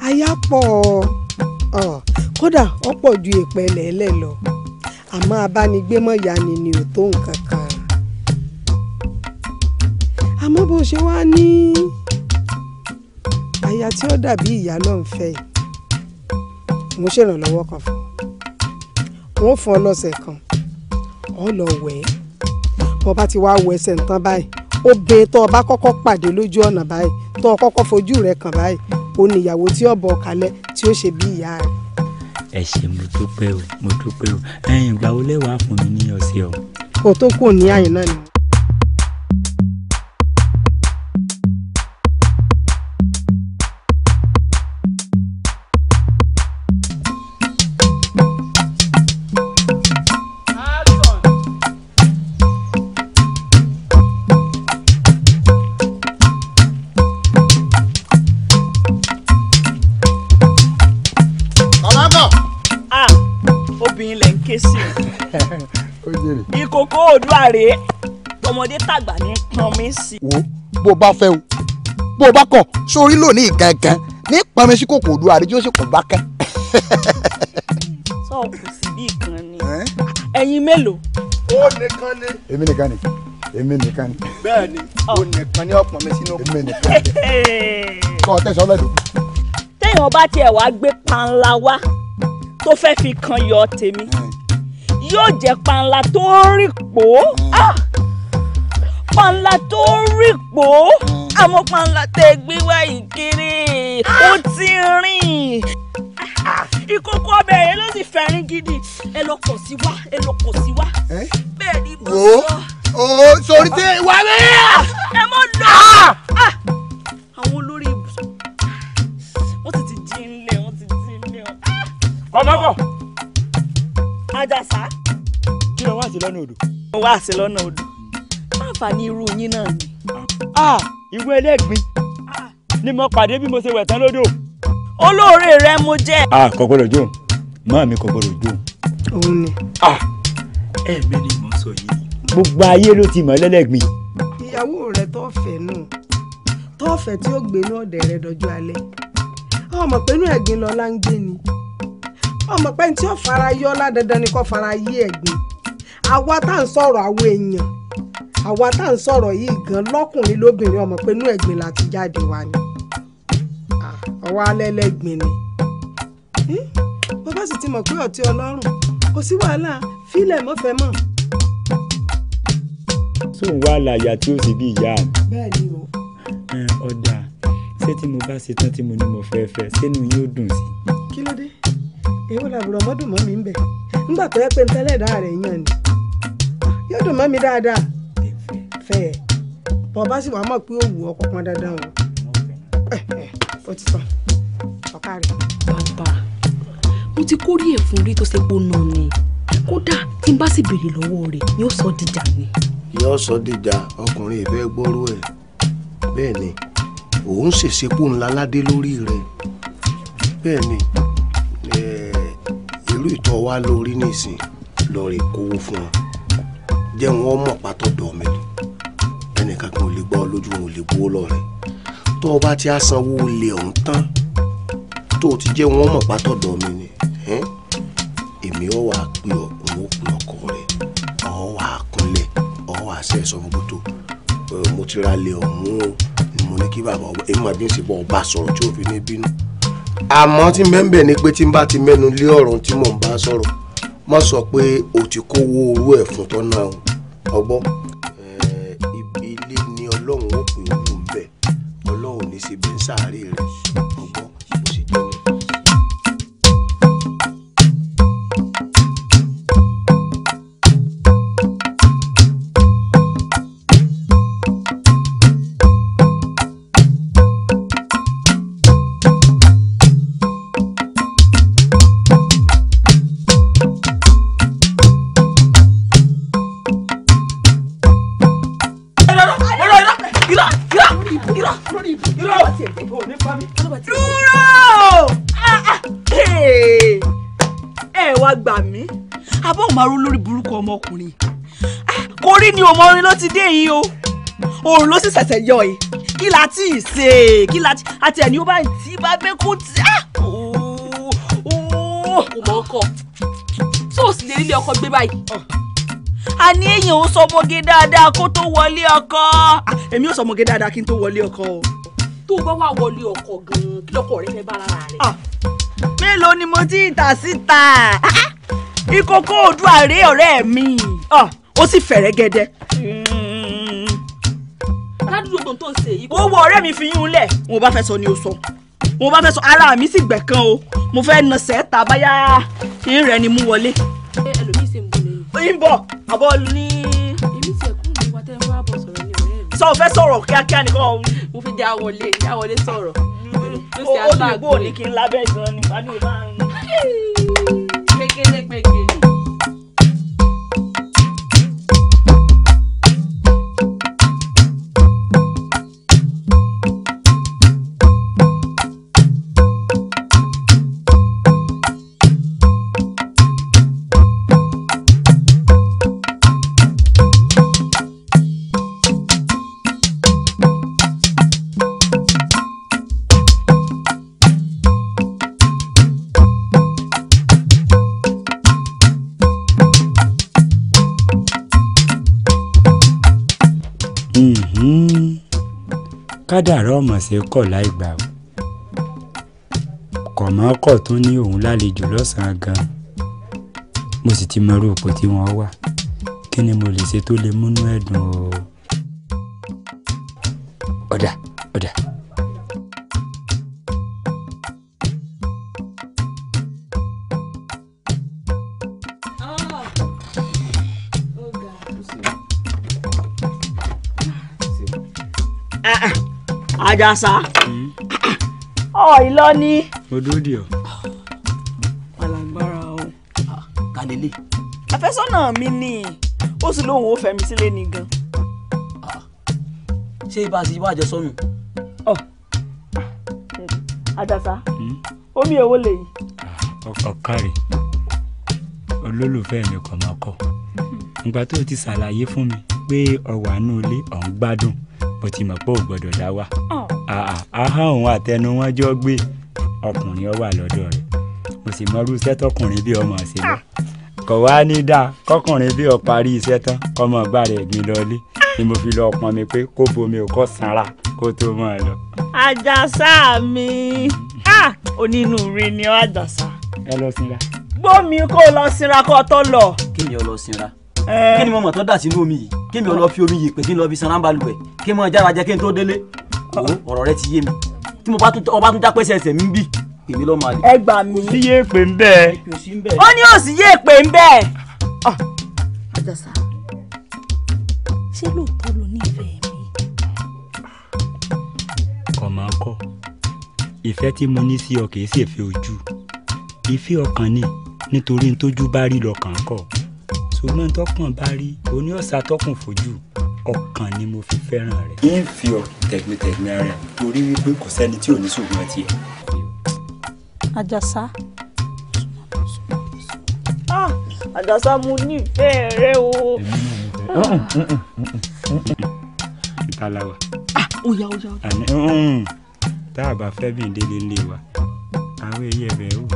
ayápọ̀ ọ̀ kódà ọ̀pọ̀ ju èèpẹ̀ lẹ́lẹ̀ lọ àmọ́ abánigbémọ̀ yanni ni ò tó nǹkan kan àmọ́ bó ṣe wá ní aya tí ó dàbí ìyá ló ń fẹ́ mo ṣèrànlọ́wọ́ kan fún un wọ́n fún ọ lọ́sẹ̀ kan ọ lọ wẹ̀ ẹ́ bọ́ bá ti wá wẹ̀ ẹsẹ̀ nǹkan báyìí obìnrin tó o bá kọ́kọ́ pàdé lójú ọ̀nà báyìí tó o kọ́kọ́ fojú rẹ̀ kàn báyìí o ní ìyàwó tí ó bọ̀ kalẹ̀ tí ó ṣe bí ìyá rẹ̀. ẹ ṣe mo dúpẹ́ o mo dúpẹ́ o ẹ̀yin ìgbà wo lẹ́wàá fún mi ní ọ̀sẹ̀ o. kò tó kù ní àyìn náà ni. obìnrin lẹ̀ ń ké sí i. ìkòkò òdúrà rèé ọmọdé tàgbà ní pọnmi sí. wo bó o bá fẹ́ o bó o bá kọ̀ sórí lónìí gangan ní pọnmi sí kòkò òdúrà rèé tí ó sì kò bá kẹ́. sọ kù sí bí kan ni ẹ̀yin mélòó. ó nìkan ni. èmi nìkan ni èmi nìkan ni. bẹ́ẹ̀ni ó nìkan ni ọpọn mi sínú òkú. èmi nìkan ni. kọ́ ọ tẹ̀sán téèyàn bá tiẹ̀ wá gbé panla wá tó fẹ́ fi kan yọ tèmi yóò jẹ́ panla tó rí pò ó ah! panla tó rí pò ó àmọ́ panla tẹ́ gbé wá ìkiri ó ti rìn ah! ìkókó ọbẹ̀ yẹn ló sì fẹ́rin gidi ẹ lọ pọ̀ sí wá ẹ lọ pọ̀ sí wá bẹ́ẹ̀ ni mo sọ. o sori tẹ wà mí. ẹ mọ lọ ah! àwọn olórí ọmọ bọ̀. àjàsá. kí ló wá sí lọ́nà odò. mo wá sí lọ́nà odò. láǹfààní irú yín náà ni. ìwé ẹlẹ́gbin ni mo pàdé bí mo ṣe wẹ̀ tán lódò. olóore rẹ mo jẹ́. a kò gbọdọ̀ jó mọ́ mi kò gbọdọ̀ jó. òun ni. ẹ̀ẹ̀mí ni mò ń sọ yìí. gbogbo ayé ló ti mọ̀ ẹlẹ́gbin. ìyàwó rẹ tó fẹ́ náà tó fẹ́ tí ó gbénú ọ̀dẹ̀ rẹ dọjọ́ alẹ́ ọmọ pẹ̀lú ẹ̀gbin lọ́la ń gbé ni ọmọ pé tí ó fara yọ ládàndàn ni kò fara yí ẹ̀gbin àwa tá à ń sọ̀rọ̀ àwọn èèyàn àwa tá à ń sọ̀rọ̀ yìí gan lọ́kùnrin lóbìnrin ọmọ pé inú ẹ̀gbin la ti jáde wá ni ọwọ́ alẹ́ lẹ́gbin ni hmm? bàbá sì ti mọ̀ pé ọtí ọlọ́run kò sí wàhálà fílẹ̀ mọ́fẹ́ mọ́. tó ń wá àlàyé tí ó sì bí ìyá mi. bẹ́ẹ̀ni o. ọ̀dà ṣé tí mo bá ṣe tán tí mo ní mo fẹ́ fẹ́ sínú yóò dùn sí. kí ló dé. èwo làbùrọ̀ mọ́ dùn mi ń bẹ̀ tó yẹ pé ń tẹ́lẹ̀ dáa rẹ̀ yàn ni yóò dùn mi dáadáa fẹ́ ẹ̀ bọ́ bá sì mọ̀ pé òwú ọkọ̀ pọn dandan o ó ti tàn ọ̀ká rẹ̀. bàbá mo ti kórè ẹ̀fún rí tó ṣe pé ó nà ni kódà tí n bá sì béèrè lọ́wọ́ rẹ̀ sọ dìjà ni. yóò sọ dìjà ọkùnrin ìfẹ́ gbọ́rú ẹ̀ bẹ́ẹ̀ ni òun ṣèṣe ńlá ládé lórí pẹ̀lú ìtọ́ wa lórí nísìn lọ rè kówó fún wọn jẹ́ wọn mọ̀ pátó dọ̀ mẹ́tò ẹnìkan kan ò lè gbọ́ lójú wọn ò lè gbowó lọ rẹ̀ tó o bá ti á sanwó olè ọ̀hún tán tó o ti jẹ́ wọn mọ̀ pátó dọ̀ mi ni èmi ò wá pé ọkùnrin ó pè ọkọ rẹ̀ ọ̀ wá kúnlẹ̀ ọ̀ wá sẹ́ sọ fún gbótó mo ti ra lè ọ̀hún o ni mo ní kí bàbá ọba èmi máa bí ń ṣe bọ́ ọba sọ̀rọ̀ tí ó fi ní bínú àmọ́ tí mẹ́ńbẹ̀ ni pé tí n bá ti mẹ́nu lé ọ̀rọ̀ tí mò ń bá sọ̀rọ̀ mọ́ sọ pé o ti kówó orú ẹ̀ fún tọ́nà ọgbọ́n ibi ilé ni ọlọ́run ó pè ó kù ń bẹ̀ ọlọ́run ní í ń sáré rẹ̀. irọ́ irọ́ dúró ah, ah. ẹ wá gbà mí abọ́ òmàrú lórí burúkú ọmọkùnrin ah, kò rí ni ọmọ orin ló ti dé yìí o òòrùn ló sì ṣẹ̀ṣẹ̀ yọ ẹ kí la ti ṣe kí la ti àti ẹni ó bá ti bá bẹ́kún tí ó mọ̀ ọkọ̀ tó o sì lè nílé ọkọ̀ gbé báyìí a ní èyàn ò sọmọge dáadáa kó tó wọlé ọkọ. Ah, èmi ò sọmọge dáadáa kí n tó wọlé ọkọ o. tó o bá wà wọlé ọkọ gan-an kí lọkọ rẹ fẹ́ bá ara rẹ. Ah, mélòó ni mo ti ń tà síta ìkókó òdua rèé ọ̀rẹ́ mi ah, ó sì fẹ̀rẹ̀ gẹ́dẹ́. aládùúgbò tó ń ṣe èyí. owó ọ̀rẹ́ mi fi yún lẹ̀ mo bá fẹ́ sọ ni o sọ mo bá fẹ́ sọ ara mi sì gbẹ̀kan o mo fẹ́ nà sẹ́ẹ̀ta báyà ń rẹ ni mú wọlé ń bọ̀ àbọ̀ ní. èmi tiẹ̀ kún mi wá tẹ́lẹ̀ wá bọ̀ sọ̀rọ̀ ní ọ̀rẹ́ mi. sọ fẹ́ sọ̀rọ̀ kíákíá nìkan. mo fi já wọlé já wọlé sọ̀rọ̀. ó ní ìgbó òní kí n lábẹ́ ìgbọ́n ni pálí ò máa ń. gbẹgẹdẹgbẹgẹ. kádàrá ọ̀mọ̀ṣẹ́ kọ̀ láì gbà ó kọ̀mọ́kọ̀ tó ní òun lálejò lọ́sàn-án gan mo sì ti mọrú òpó tí wọ́n wà kí ni mo lè ṣe tó lè múnú ẹ̀dùn o ọ̀dà ọ̀dà ajásá ọ oh, ìlọni. odòdì ọ. alágbára o. Ah, kàlélẹ̀. àfẹ́sọ́nà mi ni ó sì lóun ò fẹ́ mi sílé ni gan. Ah, ṣé ibà sí ibà àjẹsọ́nù. Oh. ajásá hmm? omi èwo lèyí. Ah, ọ̀kàrẹ̀ olólùfẹ́ mi kò máa kọ́ ìgbà tó ti ṣàlàyé fún mi pé ọ̀wà nù ilé ọ̀hún gbádùn bó ti mọ̀ pé ò gbọ́dọ̀ dá wà ahọ́n òun àtẹnu wọn jọ gbé ọkùnrin ọ wà lọ́dọ̀ mo sì mọ irú iṣẹ́ tọkùnrin bí ọmọ ṣe lọ kò wá ní dáa kọkùnrin bí ọ parí iṣẹ́ tán kọ́mọ gbà rẹ̀ mi lọlé ni mo fi lọ pọn mi pé kó bomi ò kọ́ sanra kó tó mọ́ ẹ lọ. àjàsá mi onínúure ni ọ àjàsá. ẹ lọ sinra. gbómi kó lọ sinra kó tó lọ. kí ni ọ lọ sinra kí ni mo mọ̀ tó dà sínú omi yìí kí mi ò lọ fi omi yìí pèsè lọ fi sanra balùwẹ̀ kí mo jára jẹ kí n tó délé ọ̀rọ̀ rẹ ti yé mi tí mo bá tún ọba tún dápẹ́ sẹ̀sẹ̀ mi bí èmi lọ́ọ́ máa lè. ẹ gbà mí. kò sí yé èpè ń bẹ́ẹ̀. ó ní ò sí yé èpè ń bẹ́ẹ̀. Ah. àjàsà ṣé lóòótọ́ ló ní ìfẹ́ mi. ọmọ akọ ìfẹ́ tí mo ní sí ọ kì í ṣe ìfẹ́ ojú ìfẹ́ ọkàn ni nítorí tójú bá rí lọ́kàn kọ̀ ṣùgbọ́n tọkàn bá rí oní tọkùn fojú ọkàn ni mo fi fẹ́ràn rẹ. ń fi ọ̀rọ̀ tẹ̀gbẹ́tẹ̀gbẹ́ rẹ̀ torí wípé kò sẹ́ni tí ò ní ṣùgbọ́n tiẹ̀. àjàsá ah, àjàsá mo nífẹ̀ẹ́ rẹ o. Ah. Mm, mm, mm, ìtàláwà. Ah, oya oya oya. tá a bá fẹ́ bí n délé lé wa àwọn èyí ẹ̀ bẹ́ẹ̀ wò.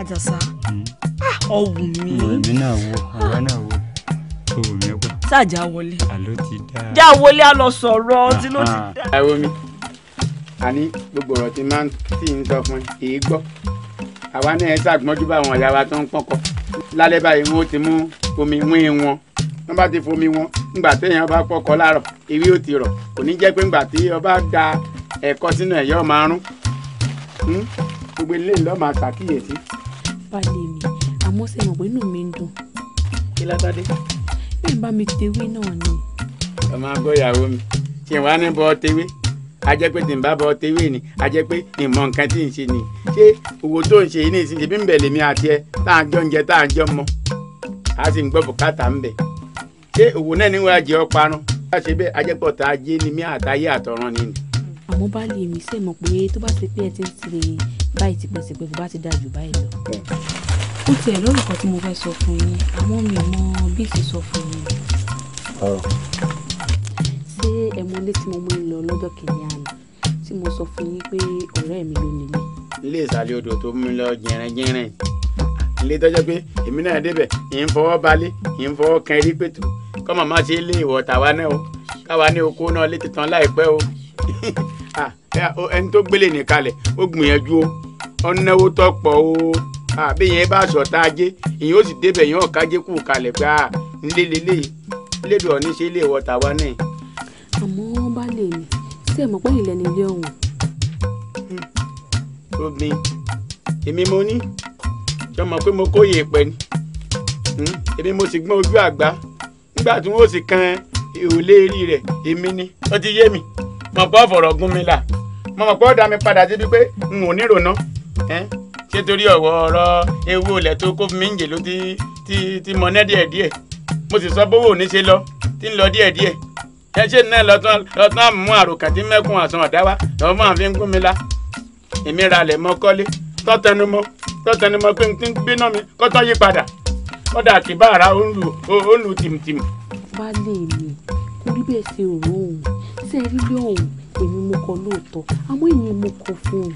àjàsá ọ̀wùn mi. ọ̀wùn mi náà wò ọ̀wá náà wò ọ̀wùn mi wò ṣáàjà wọlé. àló wọlé a lọ sọ̀rọ̀ ọtí ló ti dá. ẹ wo mi àní gbogbo ọ̀rọ̀ tí máa ń tì ń sọ fún èyí gbọ́ àwa náà ẹ ṣàgbọ́njú bá àwọn ọ̀yà wa tó ń pọ́nkọ lálẹ́ báyìí wọ́n ti mú omi wín wọn wọ́n bá ti fomi wọn ńgbà téèyàn bá pọ́kọ láàrọ̀ ewé ò ti rọ̀ kò ní jẹ́ pé ńgbà tí ọba da ẹ̀kọ́ sínú ẹ̀yọ́ máa rún gbogbo eléyìí lọ́ọ́ máa ṣàkíyèsí. balẹ̀ mi àmọ́ sẹ́yìn òwe mi ń dùn. kí látàdé bẹ́ẹ̀ bá mi tewé náà ni. ẹ máa gbọ́ ìyàwó mi ṣe wá ní bọ́ tewé a jẹ́ pé tí n bá bọ́ tewé ni a jẹ́ pé ìmọ̀ nǹkan tí n ṣe ni ṣé owó tó ń ṣe yìí ní ìsinsìnyí bí ń bẹ̀ lèmi àti ẹ tá à jọ ń jẹ tá à jọ mọ́ a sì ń gbọ́ bùkátà ń bẹ̀ ṣé òwò náà ni wàá jẹ ọ parun bá ṣe bẹ́ẹ̀ a jẹ́ pọ̀ tá a jẹ́ ni mí àtayé àtọ̀run ni. àmọ́ bá lè mí sẹ́mọ̀ pé tó bá ti pé ẹ ti ń tiri báyìí tipẹ́tipẹ́ bó bá ti dáa jù báyìí lọ ó tiẹ̀ lórí nǹkan tí mo fẹ́ sọ fún yín àmọ́ mi ò mọ bí ti sọ fún yín. ṣé ẹ mọ ilé tí mo máa ń lọ lọ́jọ́ kìíní àná tí mo sọ fún yín pé ọ̀rẹ́ mi ló nílé. ilé ìsàlẹ̀ odò tó mú lọ jẹrẹjẹrẹ ilé tọ́jọ́ pé èmi náà débẹ̀ ì ń fọwọ́ balẹ̀ ì ń fọwọ́ kan erí pètò kọ́ màmá ṣe lé ìwọ̀ tàwa náà o káwa ní oko náà létí tán láìpẹ́ o ah, ẹni tó gbélé nìkalẹ̀ ó gbìyànjú o ọ̀nàwó tọ́pọ̀ o àbí yẹn bá sọ̀tà ajé ìyẹn ó sì débẹ̀ yẹn ọ̀kájé kù kalẹ̀ pé à ah, ńlélẹ́lẹ́ lédò ọ̀ní ṣe ilé ìwọ tàwa náà. àmọ́ bá lè mi sí ẹ̀mọ́ pé ìlẹ̀ nílé ọ̀hún. Hmm, obìn èmi mo ní ṣé ọmọ pé mo kóye pẹ ni hmm, èmi mo sì gbọ́n ojú àgbá nígbà tí wọ́n sì kan ìhòlé eré rẹ̀ èmi ni ó ti yé mi mọ̀ pé ọ̀fọ̀rọ̀ gún mi là mọ̀ pé ọ̀dà mi padà síbi pé n ò ní ròná ṣé torí ọ̀wọ́ ọ̀rọ̀ ewu olè tó kó fún mi ń jè ló ti mọ ná díẹ̀ díẹ̀ mo sì sọ bówó òní ṣe lọ tí ń lọ díẹ̀ díẹ̀ ẹ ṣe náà lọ́tún lọ́tún àmú àròkà tí mẹ́kùn àsan àdáwà lọ́wọ́ máa fi ń gún mi la èmi ra lẹ̀ mọ́ kọ́lé tọ́tẹnumọ́ tọ́tẹnumọ́ pé n ti ń gbéná mi kọ́tọ́ yí padà kọ́dà kì bá ara ó ń lu ó ń lu tìmùtìmù. baálé mi kò rí bẹ́ẹ̀ ṣe òun ṣe rí lóhùn èmi mo kọ lóòótọ́ àmọ́ èmi mo kọ fún un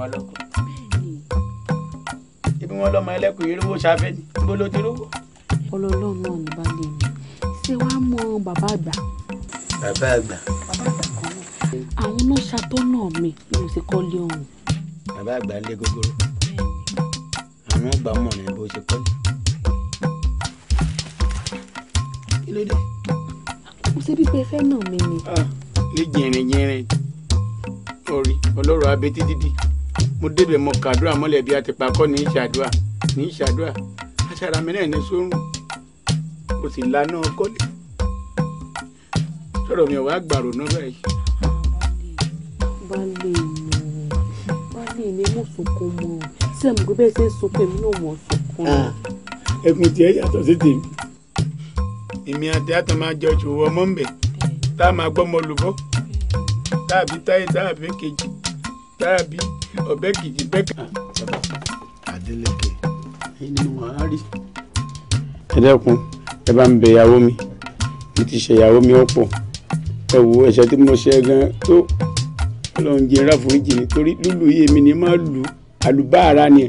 wá lọ́kọ. ibi wọn lọmọ ẹlẹ́kùn yìí rówó ṣáfẹ́ ni níbo ló ti rówó. ọlọ́lọ́run náà ní bá lè mi ṣé wàá mọ bàbá àgbà. bàbá àgbà. bàbá àgbà kan náà àwọn náà ṣàtọ́nà mi ni mo ti kọ́ lé ọ̀hún. bàbá àgbà lé gogoro àwọn ọgbà mọ̀ ní bó ṣe kọ́lé. kí ló dé. mo ṣe bí pé fẹ́ nà mí ni. Ah, ní jìnrìn jìnrìn orí ọlọ́rọ̀ abẹ́tí dídì mo débẹ̀ mo kàdúrà mọ́lẹ̀ bí àtìpá kọ́ ní ìṣàdúrà ní ìṣàdúrà aṣara mi náà ní sórùn mo sì lànà kọ́lé sọ̀rọ̀ mi ò wá gbàrò náà báyìí. baálé mi baálé mi mo sunkún mọ́ sí ẹ̀mú pé bẹ́ẹ̀ ṣe ń sunkún èmi náà mọ̀ sunkún. Ah, ẹkùn tiẹ̀ yàtọ̀ sí tèmi èmi àti àtọ̀ máa jọ ṣòwò ọmọ ń bẹ̀ tá a máa gbọ́ ọmọ olùbọ́ tàbí táyé tàbí kejì tàbí ọbẹ kìkì bẹka. Adeleke èyí ni wọn á rí. ẹ dẹ́kun ẹ bá ń bẹ ìyàwó mi mo ti ṣe ìyàwó mi ọ̀pọ̀ ẹ wo ẹ̀ṣẹ̀ tí mo ṣe gan tó Ọlọ́run jẹ ráforíjì mi torí lúlù yìí èmi ni máa lù àlùbáàrà ni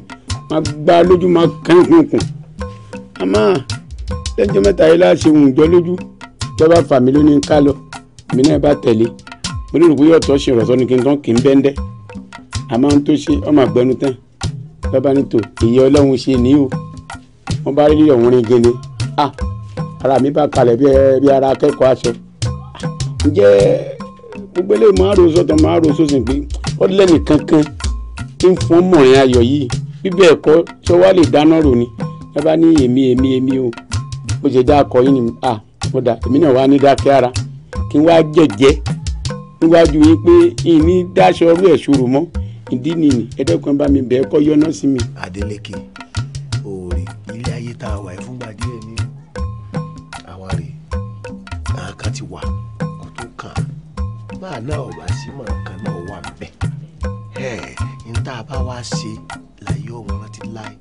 máa gbá lójú máa kàn kùnkùn àmọ́ lẹ́jọ́ mẹ́ta yìí láṣẹ òǹjọ́ lójú ìjọba fàmí ló ní ká lọ èmi náà bá tẹ̀lé mo lérò pé yóò ṣe ìrọ̀sọ́ ni kí n tán kì í bẹ́ńdẹ́ a máa ń tó ṣe ọmọ àgbẹnu tán lọ́ba nítò ìyẹ́ ọlọ́run ṣe ní o wọ́n bá rí lílọ̀ wọn rin gẹ́ni a ara mi bá kalẹ̀ bí ara akẹ́kọ̀ọ́ aṣọ ǹjẹ́ gbogbo eléyìí máa ro sọ́tọ̀ máa ro sósìn pé ọdún kankan tí ń fún mọ̀rin ayọ̀ yìí bíbẹ̀ ẹ̀kọ́ tó wá lè dáná rò ni lọ́ba ní èmi èmi èmi o bó ṣe dá akọ yín ni a mo dà èmi náà wá ní dákẹ́ ara kí n wá jẹ̀jẹ́ níwájú yín pé ìní dáṣọ ọrú ẹ̀ ṣòro mọ́ ìdí nìyí ẹ̀ẹ́dẹ́gbọ́n bá mi bẹ́ẹ̀ kọ́ yọ́nà sí mi. Adeleke oore ilé ayé tá a wà yìí fúngbà díẹ̀ ní àwa rè àáká ti wà kó tó kàn máa ná ọ̀bà sí mọ̀ nǹkan náà wà ń bẹ̀ ẹ̀ tá a bá wá ṣe láyé ọ̀hún rántí láì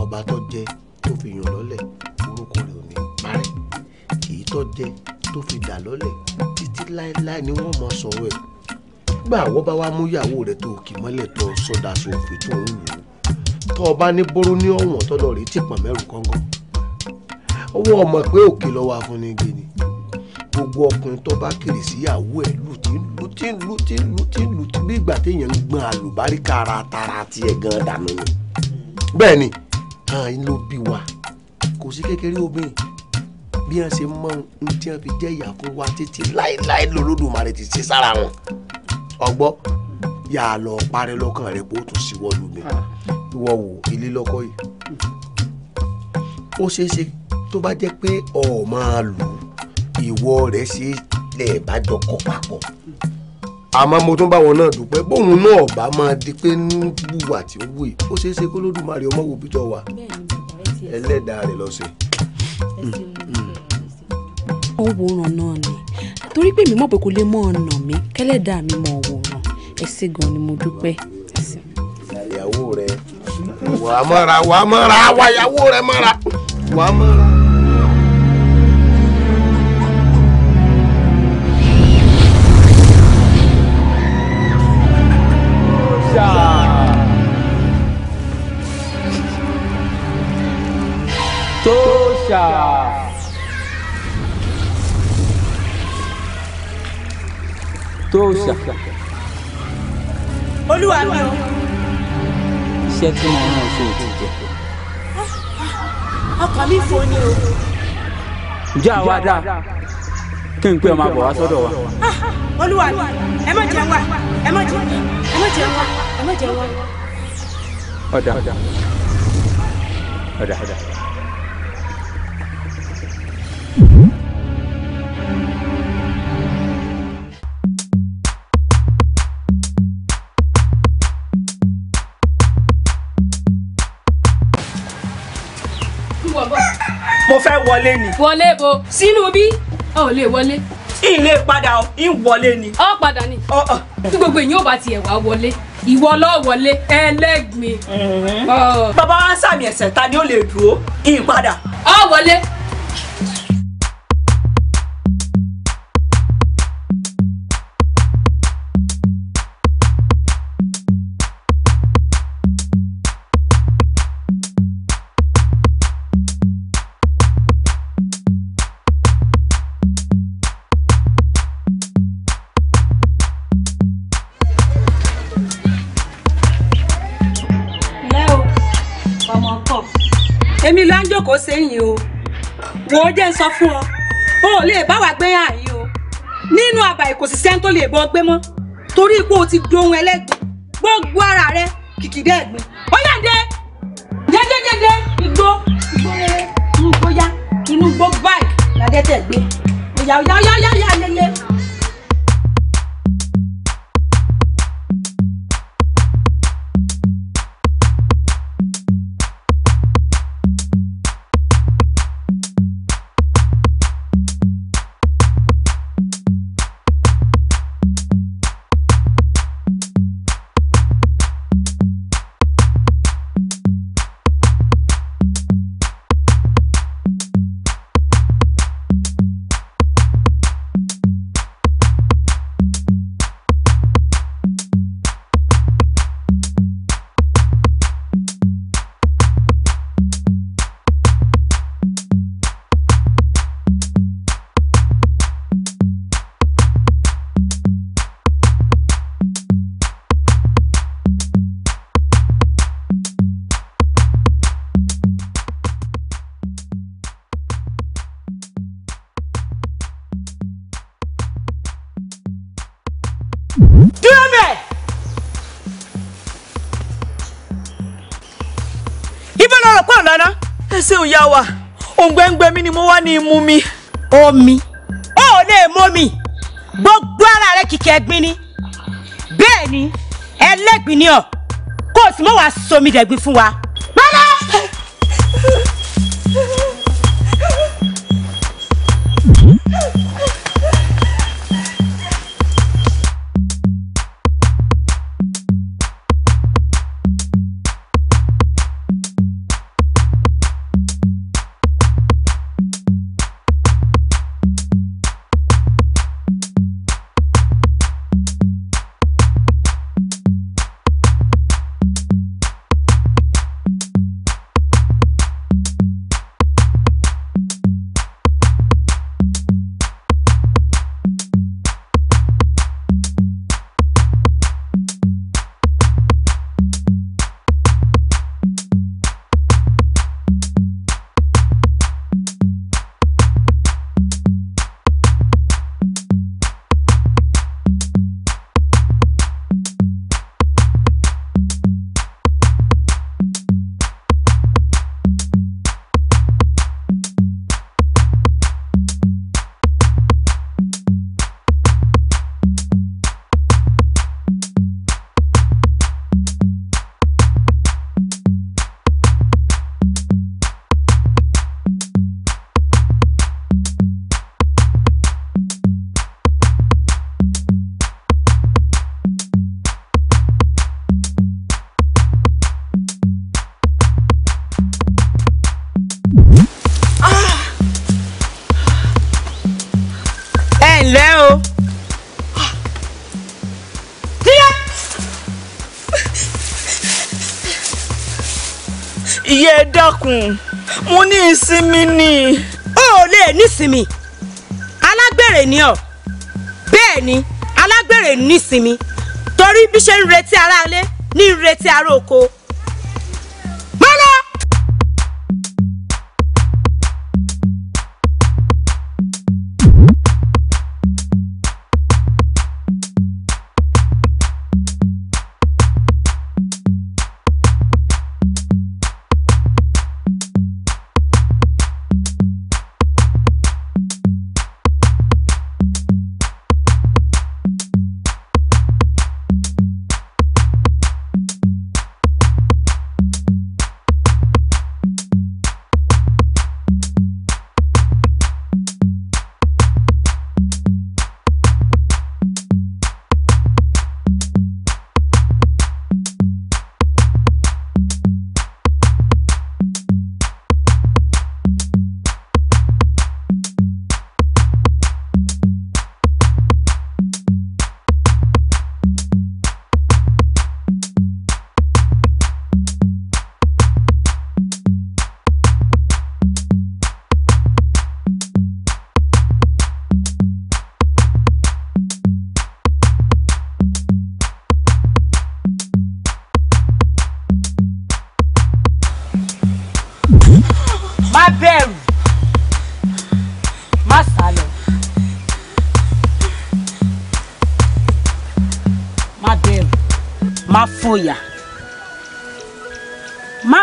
ọba tó jẹ tó fi yàn lọ́lẹ̀ orúkọ rẹ̀ ò ní parẹ́ kì í tó jẹ tó fi dà lọ́lẹ̀ títí láéláé ni wọ́n mọ̀ sọ̀rọ̀ ẹ̀ nígbà àwọ̀ bá wá mú ìyàwó rẹ̀ tó kì mọ́lẹ̀ tó sọ́dà sófin tó ń lò tó ọba ní bóró ní ọ̀wọ̀n tọ́lọ̀ rí tìpọ̀n mẹ́rù kọ́ngàn ọwọ́ ọmọ pé òkè lọ́wọ́ afúnigbe ni gbogbo ọkùnrin tó bá kiri síyàwó ẹ̀ lù tí ń lù tí ń lù tí ń lù tí ń lù bí ìgbà téèyàn ń gbọ́n àlùbáríkà ara tara tiẹ̀ gan dànù ni bẹ́ẹ̀ ni àìn ló bí wa kò sí kékeré obìnrin bí wọ́n ṣe mọ ohun tí wọ́n fi jẹ́ ìyà fún wa títí láéláé lọ́lọ́dún màrè ti ṣe sára wọn ọgbọ́ yà á lọ parẹ́ lọ́kàn rẹ pé ó tún síwọ́ lùmí ìwọ wò ilé lọ́kọ́ yìí ó ṣeé ṣe tó bá jẹ́ pé ọ̀ máa lù ìwọ rẹ̀ ṣe lẹ̀ bá jọ kọ́ papọ̀ àmọ́ mo tún bá wọn náà dúpẹ́ bóun náà bá máa di pé ń wùwà tí ó wù yìí ó ṣeé ṣe kó lódùmarè ọmọ wo bíjọ wà ẹlẹ́dàá rẹ̀ lọ́sẹ̀. ó wo ọ̀ràn náà ni torí pé mi mọ̀ pé kò lè mọ̀ ọ̀nà mi kẹ́lẹ́dàá mi mọ̀ ọ́ ẹ ṣé gan ni mo dúpẹ́. ìyàwó rẹ wà mọ́ra wà mọ́ra wà ìyàwó rẹ mọ́ra wà mọ́ra. Tosha. Tosha. Tosha olúwa mi o. iṣẹ́ tí mo rán ṣe ò tí ì jẹ. Ah, ọkàn mi fò ni o. ǹjẹ́ àwa dáa kí n pé ọmọ àbọ̀ wá sọ́dọ̀ wa. Ah, olúwa mi ẹ má jẹun wa ẹ má jẹun ẹ má jẹun wa ẹ má jẹun wa. ọ̀dà ọ̀dà ọ̀dà. fẹ́ wọlé ni. wọlé bo sínú bí ọ ò lè wọlé. ilé padà ń wọlé ni. ọ padà ni tí gbogbo èyí ò bá tiẹ̀ wá wọlé ìwọ lọ wọlé ẹlẹ́gbin. Mhm. bàbá wa sàmì ẹ̀sẹ̀ ta ni ó lè dúró ìpadà. ọ wọlé sọ fún ọ o ò lè bá wa gbé hàn yìí o nínú àbàyè kò sì sẹ́ni tó lè bọ́ gbé mọ́ torí ipò ti dohun ẹlẹ́gbẹ̀ẹ́ gbogbo ara rẹ kìkìdẹ́ ẹ̀gbìn ó yà dé jẹ́jẹ́jẹ́jẹ́ igbó igbó rere inú igbó yá inú igbó báyìí làdẹ́tẹ̀ gbé ó yà ó yà ó yà ó yà ó yà lélẹ̀. la wà òǹgbẹ́ǹgbẹ́ mi ni mo wá ní imú mi. omi ó ò lè mọ mi gbogbo ara rẹ kìkì ẹ̀gbin ni bẹ́ẹ̀ ni ẹlẹ́gbin ni ọ kó o sì mọ̀ wá somi dẹ̀gbin fún wa. ṣe ń retí aráalé ní ń retí ará oko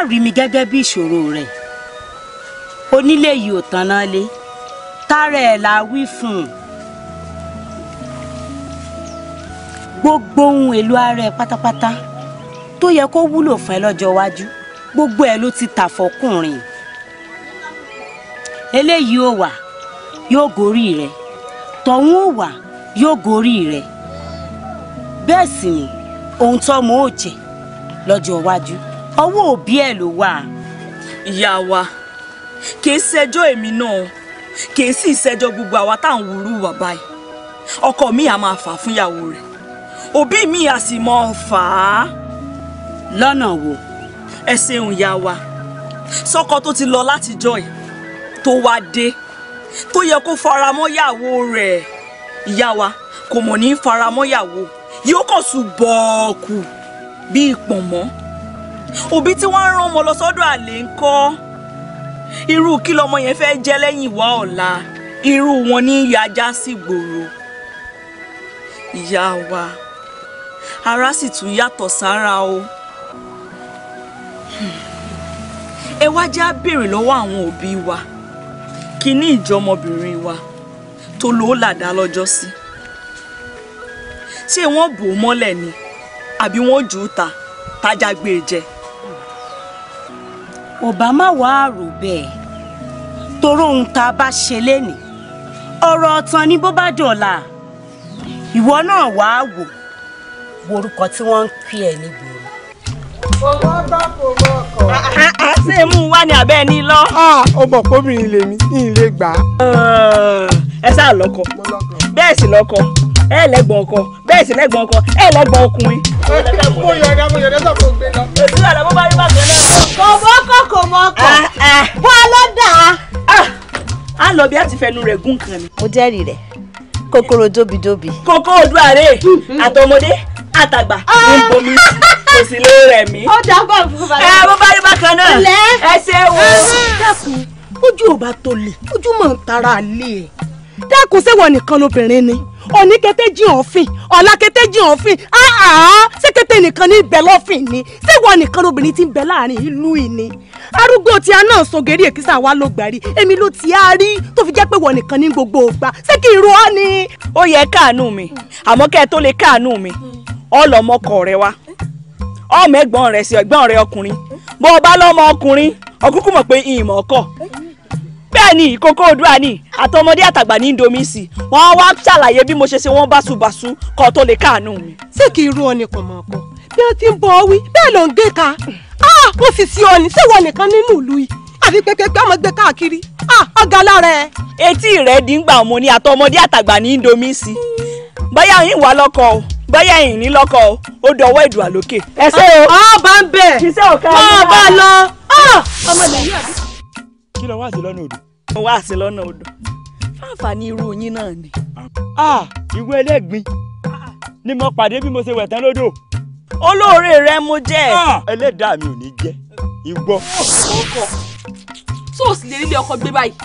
rí mi gẹ́gẹ́ bí ìṣòro rẹ̀ onílé yìí ò tanná lé tààrà ẹ̀ la wí fún un gbogbo ohun èlò ara ẹ̀ pátápátá tó yẹ kó wúlò fún ẹ lọ́jọ́ iwájú gbogbo ẹ̀ ló ti tà fọkùnrin eléyìí ò wà yóò gorí rẹ̀ tọ̀hún ò wà yóò gorí rẹ̀ bẹ́ẹ̀ sì ni ohun tó mò ń jẹ lọ́jọ́ iwájú ọwọ́ òbí ẹ̀ ló wà. ìyá wa kì í ṣẹjọ́ èmi náà kì í sì ṣẹjọ́ gbogbo àwa tá à ń wúrú wà báyìí ọkọ mi à máa fà fúnyàwó rẹ̀ òbí mi à sì mọ fà á. lọ́nà wo ẹ ṣeun ìyá wa sọ́kọ tó ti lọ látijọ́ yìí tó wá dé tó yẹ kó faramọ́yàwó rẹ̀ ìyá wa kò mọ̀ ní faramọ́yàwó yóò kàn sùn bọ̀ọ̀kù bíi pọ̀nmọ́ òbí tí wọ́n ń rán ọmọ lọ sọ́dọ̀ àlè ń kọ́ irú kí lọmọ yẹn fẹ́ jẹ́ lẹ́yìn ìwà ọ̀la irú wọn ní ìyá ajá sí gbòòrò ìyá wa ara sì tún yàtọ̀ sára o ẹ wá já béèrè lọ́wọ́ àwọn òbí wa kí ní ìjọmọbìnrin wa tó lòó làdá lọ́jọ́ sí ṣé wọ́n bò ó mọ́lẹ̀ ni àbí wọ́n jù ú ta tájà gbé e jẹ ọba má wàá rò bẹ́ẹ̀ toró ohun tá a bá ṣe lénìí ọ̀rọ̀ ọ̀tàn ni bó bá dọ̀la ìwọ náà wàá wò orúkọ tí wọ́n ń pè ẹ́ níbi owó bá kò wọkọ̀. ṣé mú wá ní abẹ́ ní lọ. ó bọ̀ pé mi lè mi kí gbà ẹ sáà lọ́kọ bẹ́ẹ̀ sì lọ́kọ ẹ lẹ́gbọ̀n ọkọ bẹ́ẹ̀ sì lẹ́gbọ̀n ọkọ ẹ lẹ́gbọ̀n ọkùnrin. mo yọ̀dá mo yọ̀dá sọ̀rọ̀ gbé lọ. èdè àlọ́ bó bá rí bàtẹ́ náà. kò wọ́kọ̀ kò mọ ọkọ bọ́ ọlọ́dà á ah. lọ bí a ti fẹnu rẹ̀ gún kan ni. mo jẹ́rìí rẹ̀ kòkòrò dóbidóbi. kòkòrò dúàrè mm-hmm. àtọmọdé àtàgbà ah. ń bomi kò sì lè rẹ̀ mí. ó dá bọ̀ fún bàbá. ẹ eh, bó bá rí bákan náà ẹ ṣe wo. Ah. dákun ojú ò bá tó lè ojú mọ̀ ń tara àlè ẹ̀ e. dákun ṣé wọn nìkan lobìnrin ni òní kété jí òfin ọ̀la kété jí òfin áá ṣé kété nìkan ní bẹ̀ ni ṣé ìwọ nìkan lóbìnrin ti ń bẹ láàrin ìlú yìí ni. arúgbó tí a náà sọ̀gẹ́rì èkìsà wa ló gbà rí èmi ló ti á rí tó fi jẹ́ pé ìwọ nìkan ní gbogbo ògbà ṣé kí irú ọ ni. ó yẹ káàánú mi àmọ́ kẹ́ ẹ tó lè káàánú mi ọlọmọkọ rẹ wa ọmọ ẹ̀gbọ́n rẹ sí ẹ̀gbọ́n rẹ ọkùnrin bó o bá lọ́mọ ọkùnrin ọkùnkùn mọ̀ pé ìmọ̀ ọkọ̀ bẹ́ẹ̀ ni ìkókó òdúrà ni àtọmọdé àtàgbà ní indomie sí wọ́n wá ṣàlàyé bí mo ṣe ṣe wọ́n báṣubàṣu kọ́ tó lè káàánú mi. ṣé kí irú ọ nìkan mọ̀ ọkọ bí wọ́n ti ń bọ̀ wí bẹ́ẹ̀ ló ń gbé ka ah, mo sì sí ọ ní ṣéwọ nìkan nínú ìlú yìí àfi pépépé ọmọ gbé káàkiri ah, ọgá lára ẹ. etí rẹ dìgbà mo ní àtọmọdé àtàgbà ní indomie sí bóyá yín wà lọ́kọ o bóyá yín ní lọ́kọ o ó dọwọ́ ìdùà lókè. ẹ ṣe o. Ah, ọ bá ń bẹ̀. ṣiṣẹ́ ọ̀ka ọmọ bá lọ. ọmọ nàìjíríà kí ló wá sí lọ́nà odò. mo wá sí lọ́nà odò fáǹfààní irú yín náà ni. ah ìwé ẹlẹ́gbin ni mo pàdé bí mo ṣe wẹ̀ tán lódò. olóore rẹ mo jẹ́. ẹlẹ́dàá mi ò ní jẹ́ ìgbọ́. ọkọ tó o sì lè nílé ọkọ gbé báyìí.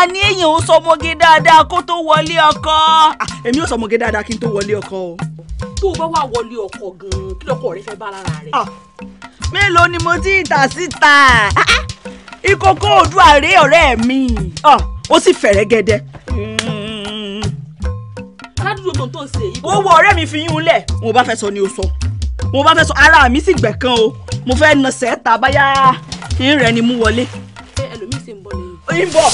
àní èèyàn ò sọmọge dáadáa kó tó wọlé ọkọ. èmi ò sọmọge dáadáa kí n tó wọlé ọkọ o. tó o bá wà wọlé ọkọ gan-an kí lọ́kọ rẹ fẹ́ bá lára rẹ. mélòó ni mo ti ń tà síta. Ah, ah ìkókó òdua rèé ọ̀rẹ́ mi ó sì fẹ̀rẹ̀ gẹ́dẹ́. aládùúgbò tó ń tó ń ṣe èyí. owó ọ̀rẹ́ mi fi yún lẹ̀ mo bá fẹ́ sọ ni o sọ mo bá fẹ́ sọ ara mi sì gbẹ̀ kan o mo fẹ́ na sẹ́ẹ̀ta báyà ń rẹ̀ ni mú wọlé. ẹ ẹlòmíín ṣe ń bọ̀ lẹ́yìn. ń bọ̀.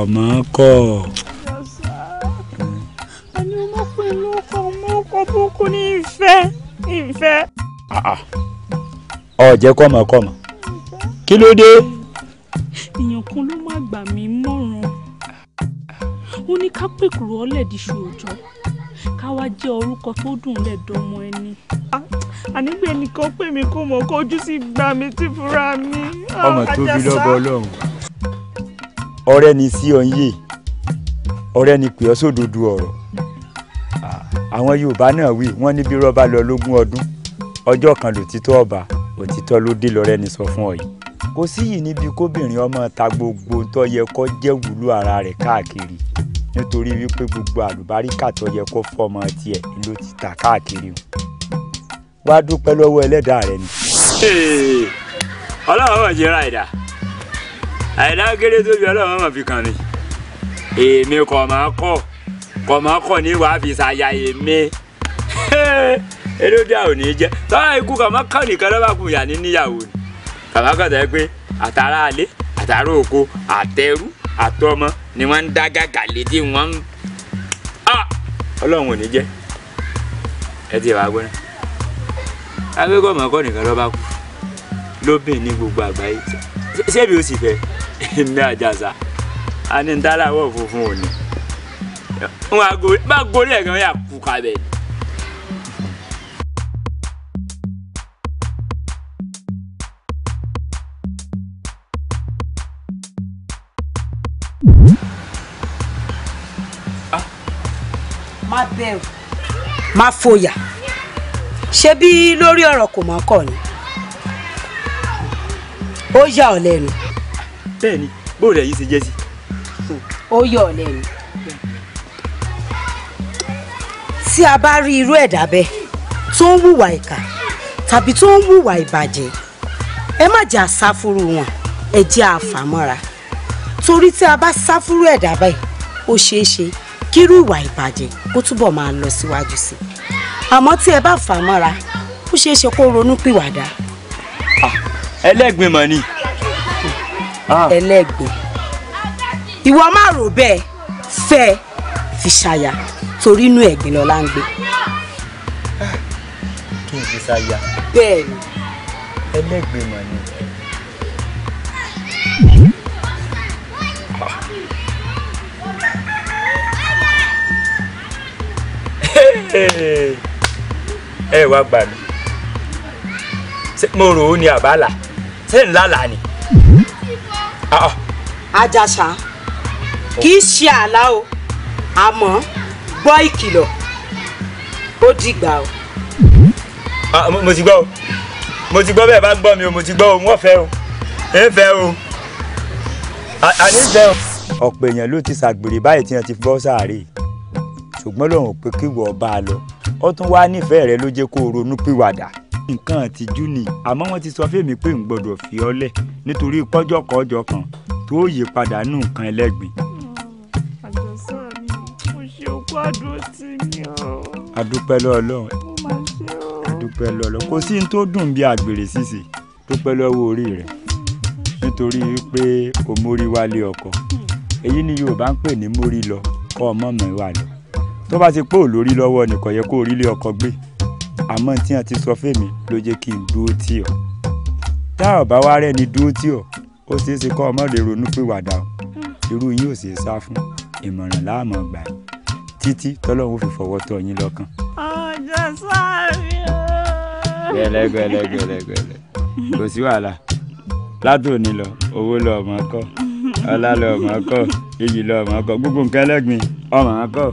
ọmọ kọ. ẹni ọmọ pẹ̀lú ọkọ̀ ọmọ ọkọ̀ burúkú ní ìfẹ́ ìfẹ́. ọ̀jẹ̀ ah, ah. kọ́mọkọ́mọ kí ló dé. èèyàn ló má gbà mí mọ́ràn ó ní ká pèkúrò ọ̀lẹ́dìṣù òjọ́ ká wá jẹ́ orúkọ tó dùn lẹ́dọ̀ọ́mọ ẹni ànígbé nìkan pé mi kò mọ̀ kó ojú sí gbà mí tí fúra mi. ọmọ tóbi lọ́bọ ọlọ́run ọ̀rẹ́ ni sí ọ ń yè ọ̀rẹ́ ni pè ọ́ sódodo ọ̀rọ̀ àwọn Yorùbá náà wí wọ́n ní bí lọ lógún ọdún ọjọ́ kan lòtítọ́ ọba òtítọ́ ló dé lọ́rẹ́ ni sọ fún ọ yìí kò sí yìí níbi kóbìnrin ọmọ ta gbogbo tó yẹ kó jẹ́ wúlò ara rẹ̀ káàkiri nítorí wípé gbogbo àlùbáríkà tó yẹ kó fọmọ tiẹ̀ ló ti tà káàkiri o wá dúpẹ́ lọ́wọ́ ẹlẹ́dàá rẹ ni. ọlọ́run ò jẹ́ ra ẹ̀dá àìdá kéré tó bí ọlọ́run mọ̀ fi kàn mí èmi kọ̀ máa kọ̀ kọ̀ máa kọ̀ ní wàá fi ṣàyà èmi elódà ò ní jẹ́ tọ́wọ́ ikú kọ̀ máa kàn nìkan lọ́ba kù yà ní níyàwó ni kàmá kàn sọ pé àtàrà alẹ́ àtàrà oko àtẹrú àtọmọ ni wọ́n ń dá gàgà létí wọ́n ń ọlọ́run ò ní jẹ́ ẹ ti wàá gbọ́n abẹ́kọ̀ máa kọ̀ nìkan lọ́ba kù lóbìn ní gbogbo àgbáyé ṣé bí o sì fẹ́ èmi àjàsà a ní ntàláwọ̀ funfun òní wọn bá gorí ẹ̀ gan yà kú kabẹ̀. má bẹ̀rù má fòyà ṣebí lórí ọ̀rọ̀ kò mọ́kọ̀ ni ó yà ọ́ lẹ́nu bẹ́ẹ̀ ni bóòlù ẹ̀yìn ṣe jẹ́ sí. ó yọ ọ lẹ́nu tí a bá rí irú ẹ̀dá bẹ́ẹ̀ tó ń hùwà ìkà tàbí tó ń hùwà ìbàjẹ́ ẹ má jẹ́ àsáfúrú wọn ẹ jẹ́ àfàmọ́ra torí tí a bá sáfúrú ẹ̀dá bẹ́ẹ̀ ó ṣeé ṣe kírú ìwà ìbàjẹ́ kó túbọ̀ máa lọ síwájú sí i àmọ́ tí ẹ bá fà mọ́ra ó ṣeé ṣe kó ronú pìwàdà. ẹlẹ́gbẹ̀mọ̀ ni. Ah. ẹlẹ́gbẹ́ ìwọ má rò bẹ́ẹ̀ fẹ́ fi ṣàyà torí inú ẹ̀gbin lọ́la ń gbé. kí n fi ṣàyà. bẹ́ẹ̀ ni. ẹlẹ́gbin mọ̀ ni. ẹ wá gbà mí mo rò ó ní àbálà ṣé ńlá là ni àjàṣà ah. kì í ṣe àlá o àmọ́ gbọ́ ìkìlọ̀ ó dìgbà o. Ah, mo ti gbọ́ o mo ti gbọ́ bẹ́ẹ̀ bá gbọ́ mi o mo ti gbọ́ o wọ́n fẹ́ o ẹ fẹ́ o àní fẹ́ o. ọ̀pọ̀ èèyàn ló ti ṣàgbèrè báyìí tí wọ́n ti bọ́ sáré ṣùgbọ́n lòun ò pé kí wọ́n bá a lọ ó tún wá nífẹ̀ẹ́ rẹ ló jẹ́ kó ronú nǹkan àtijú ni àmọ́ wọ́n ti sọ fèmí pé n gbọ́dọ̀ fi ọ́ lẹ̀ nítorí kọ́jọ́kọ́jọ́ kan tó yí padà nù nǹkan ẹlẹ́gbin. àjọsọ mi mo ṣe okú àdúró tì mí o. adúpẹ́ lọ́ọ̀lọ́ọ̀ adúpẹ́ lọ́ọ̀lọ́ọ̀ kò sí ní tó dùn bí àgbèrè ṣíṣe dúpẹ́ lọ́wọ́ orí rẹ̀ nítorí pé o mórí wálé ọkọ èyí ni Yorùbá ń pè ní mórí lọ kọ́ ọmọ mẹ́wàá lọ tó bá ti pé òlórí lọ́wọ́ nìkan yẹ kó orílẹ̀ ọkọ gbé àmọ́ tí wọ́n ti sọ fèmí ló jẹ́ kí n dúró tì ọ́ tá ò bá wá rẹ́ni dúró tì ọ́ ó ṣeé ṣe kọ́ ọmọ lè ronú fìwàdà o irú yín ò sì sá fún ìmọ̀ràn láàmú gbà yìí títí tọ́lọ́run fi fọwọ́ tọ́ yín lọ́kàn. ọjọ́ sáré o. gbẹlẹgbẹlẹgbẹlẹgbẹlẹ kò sí wàhálà látòní lọ owó lọ ọmọ kọ ọlá lọ ọmọ kọ iyì lọ ọmọ kọ gbogbo nǹkan ẹlẹgbin ọmọ kọ.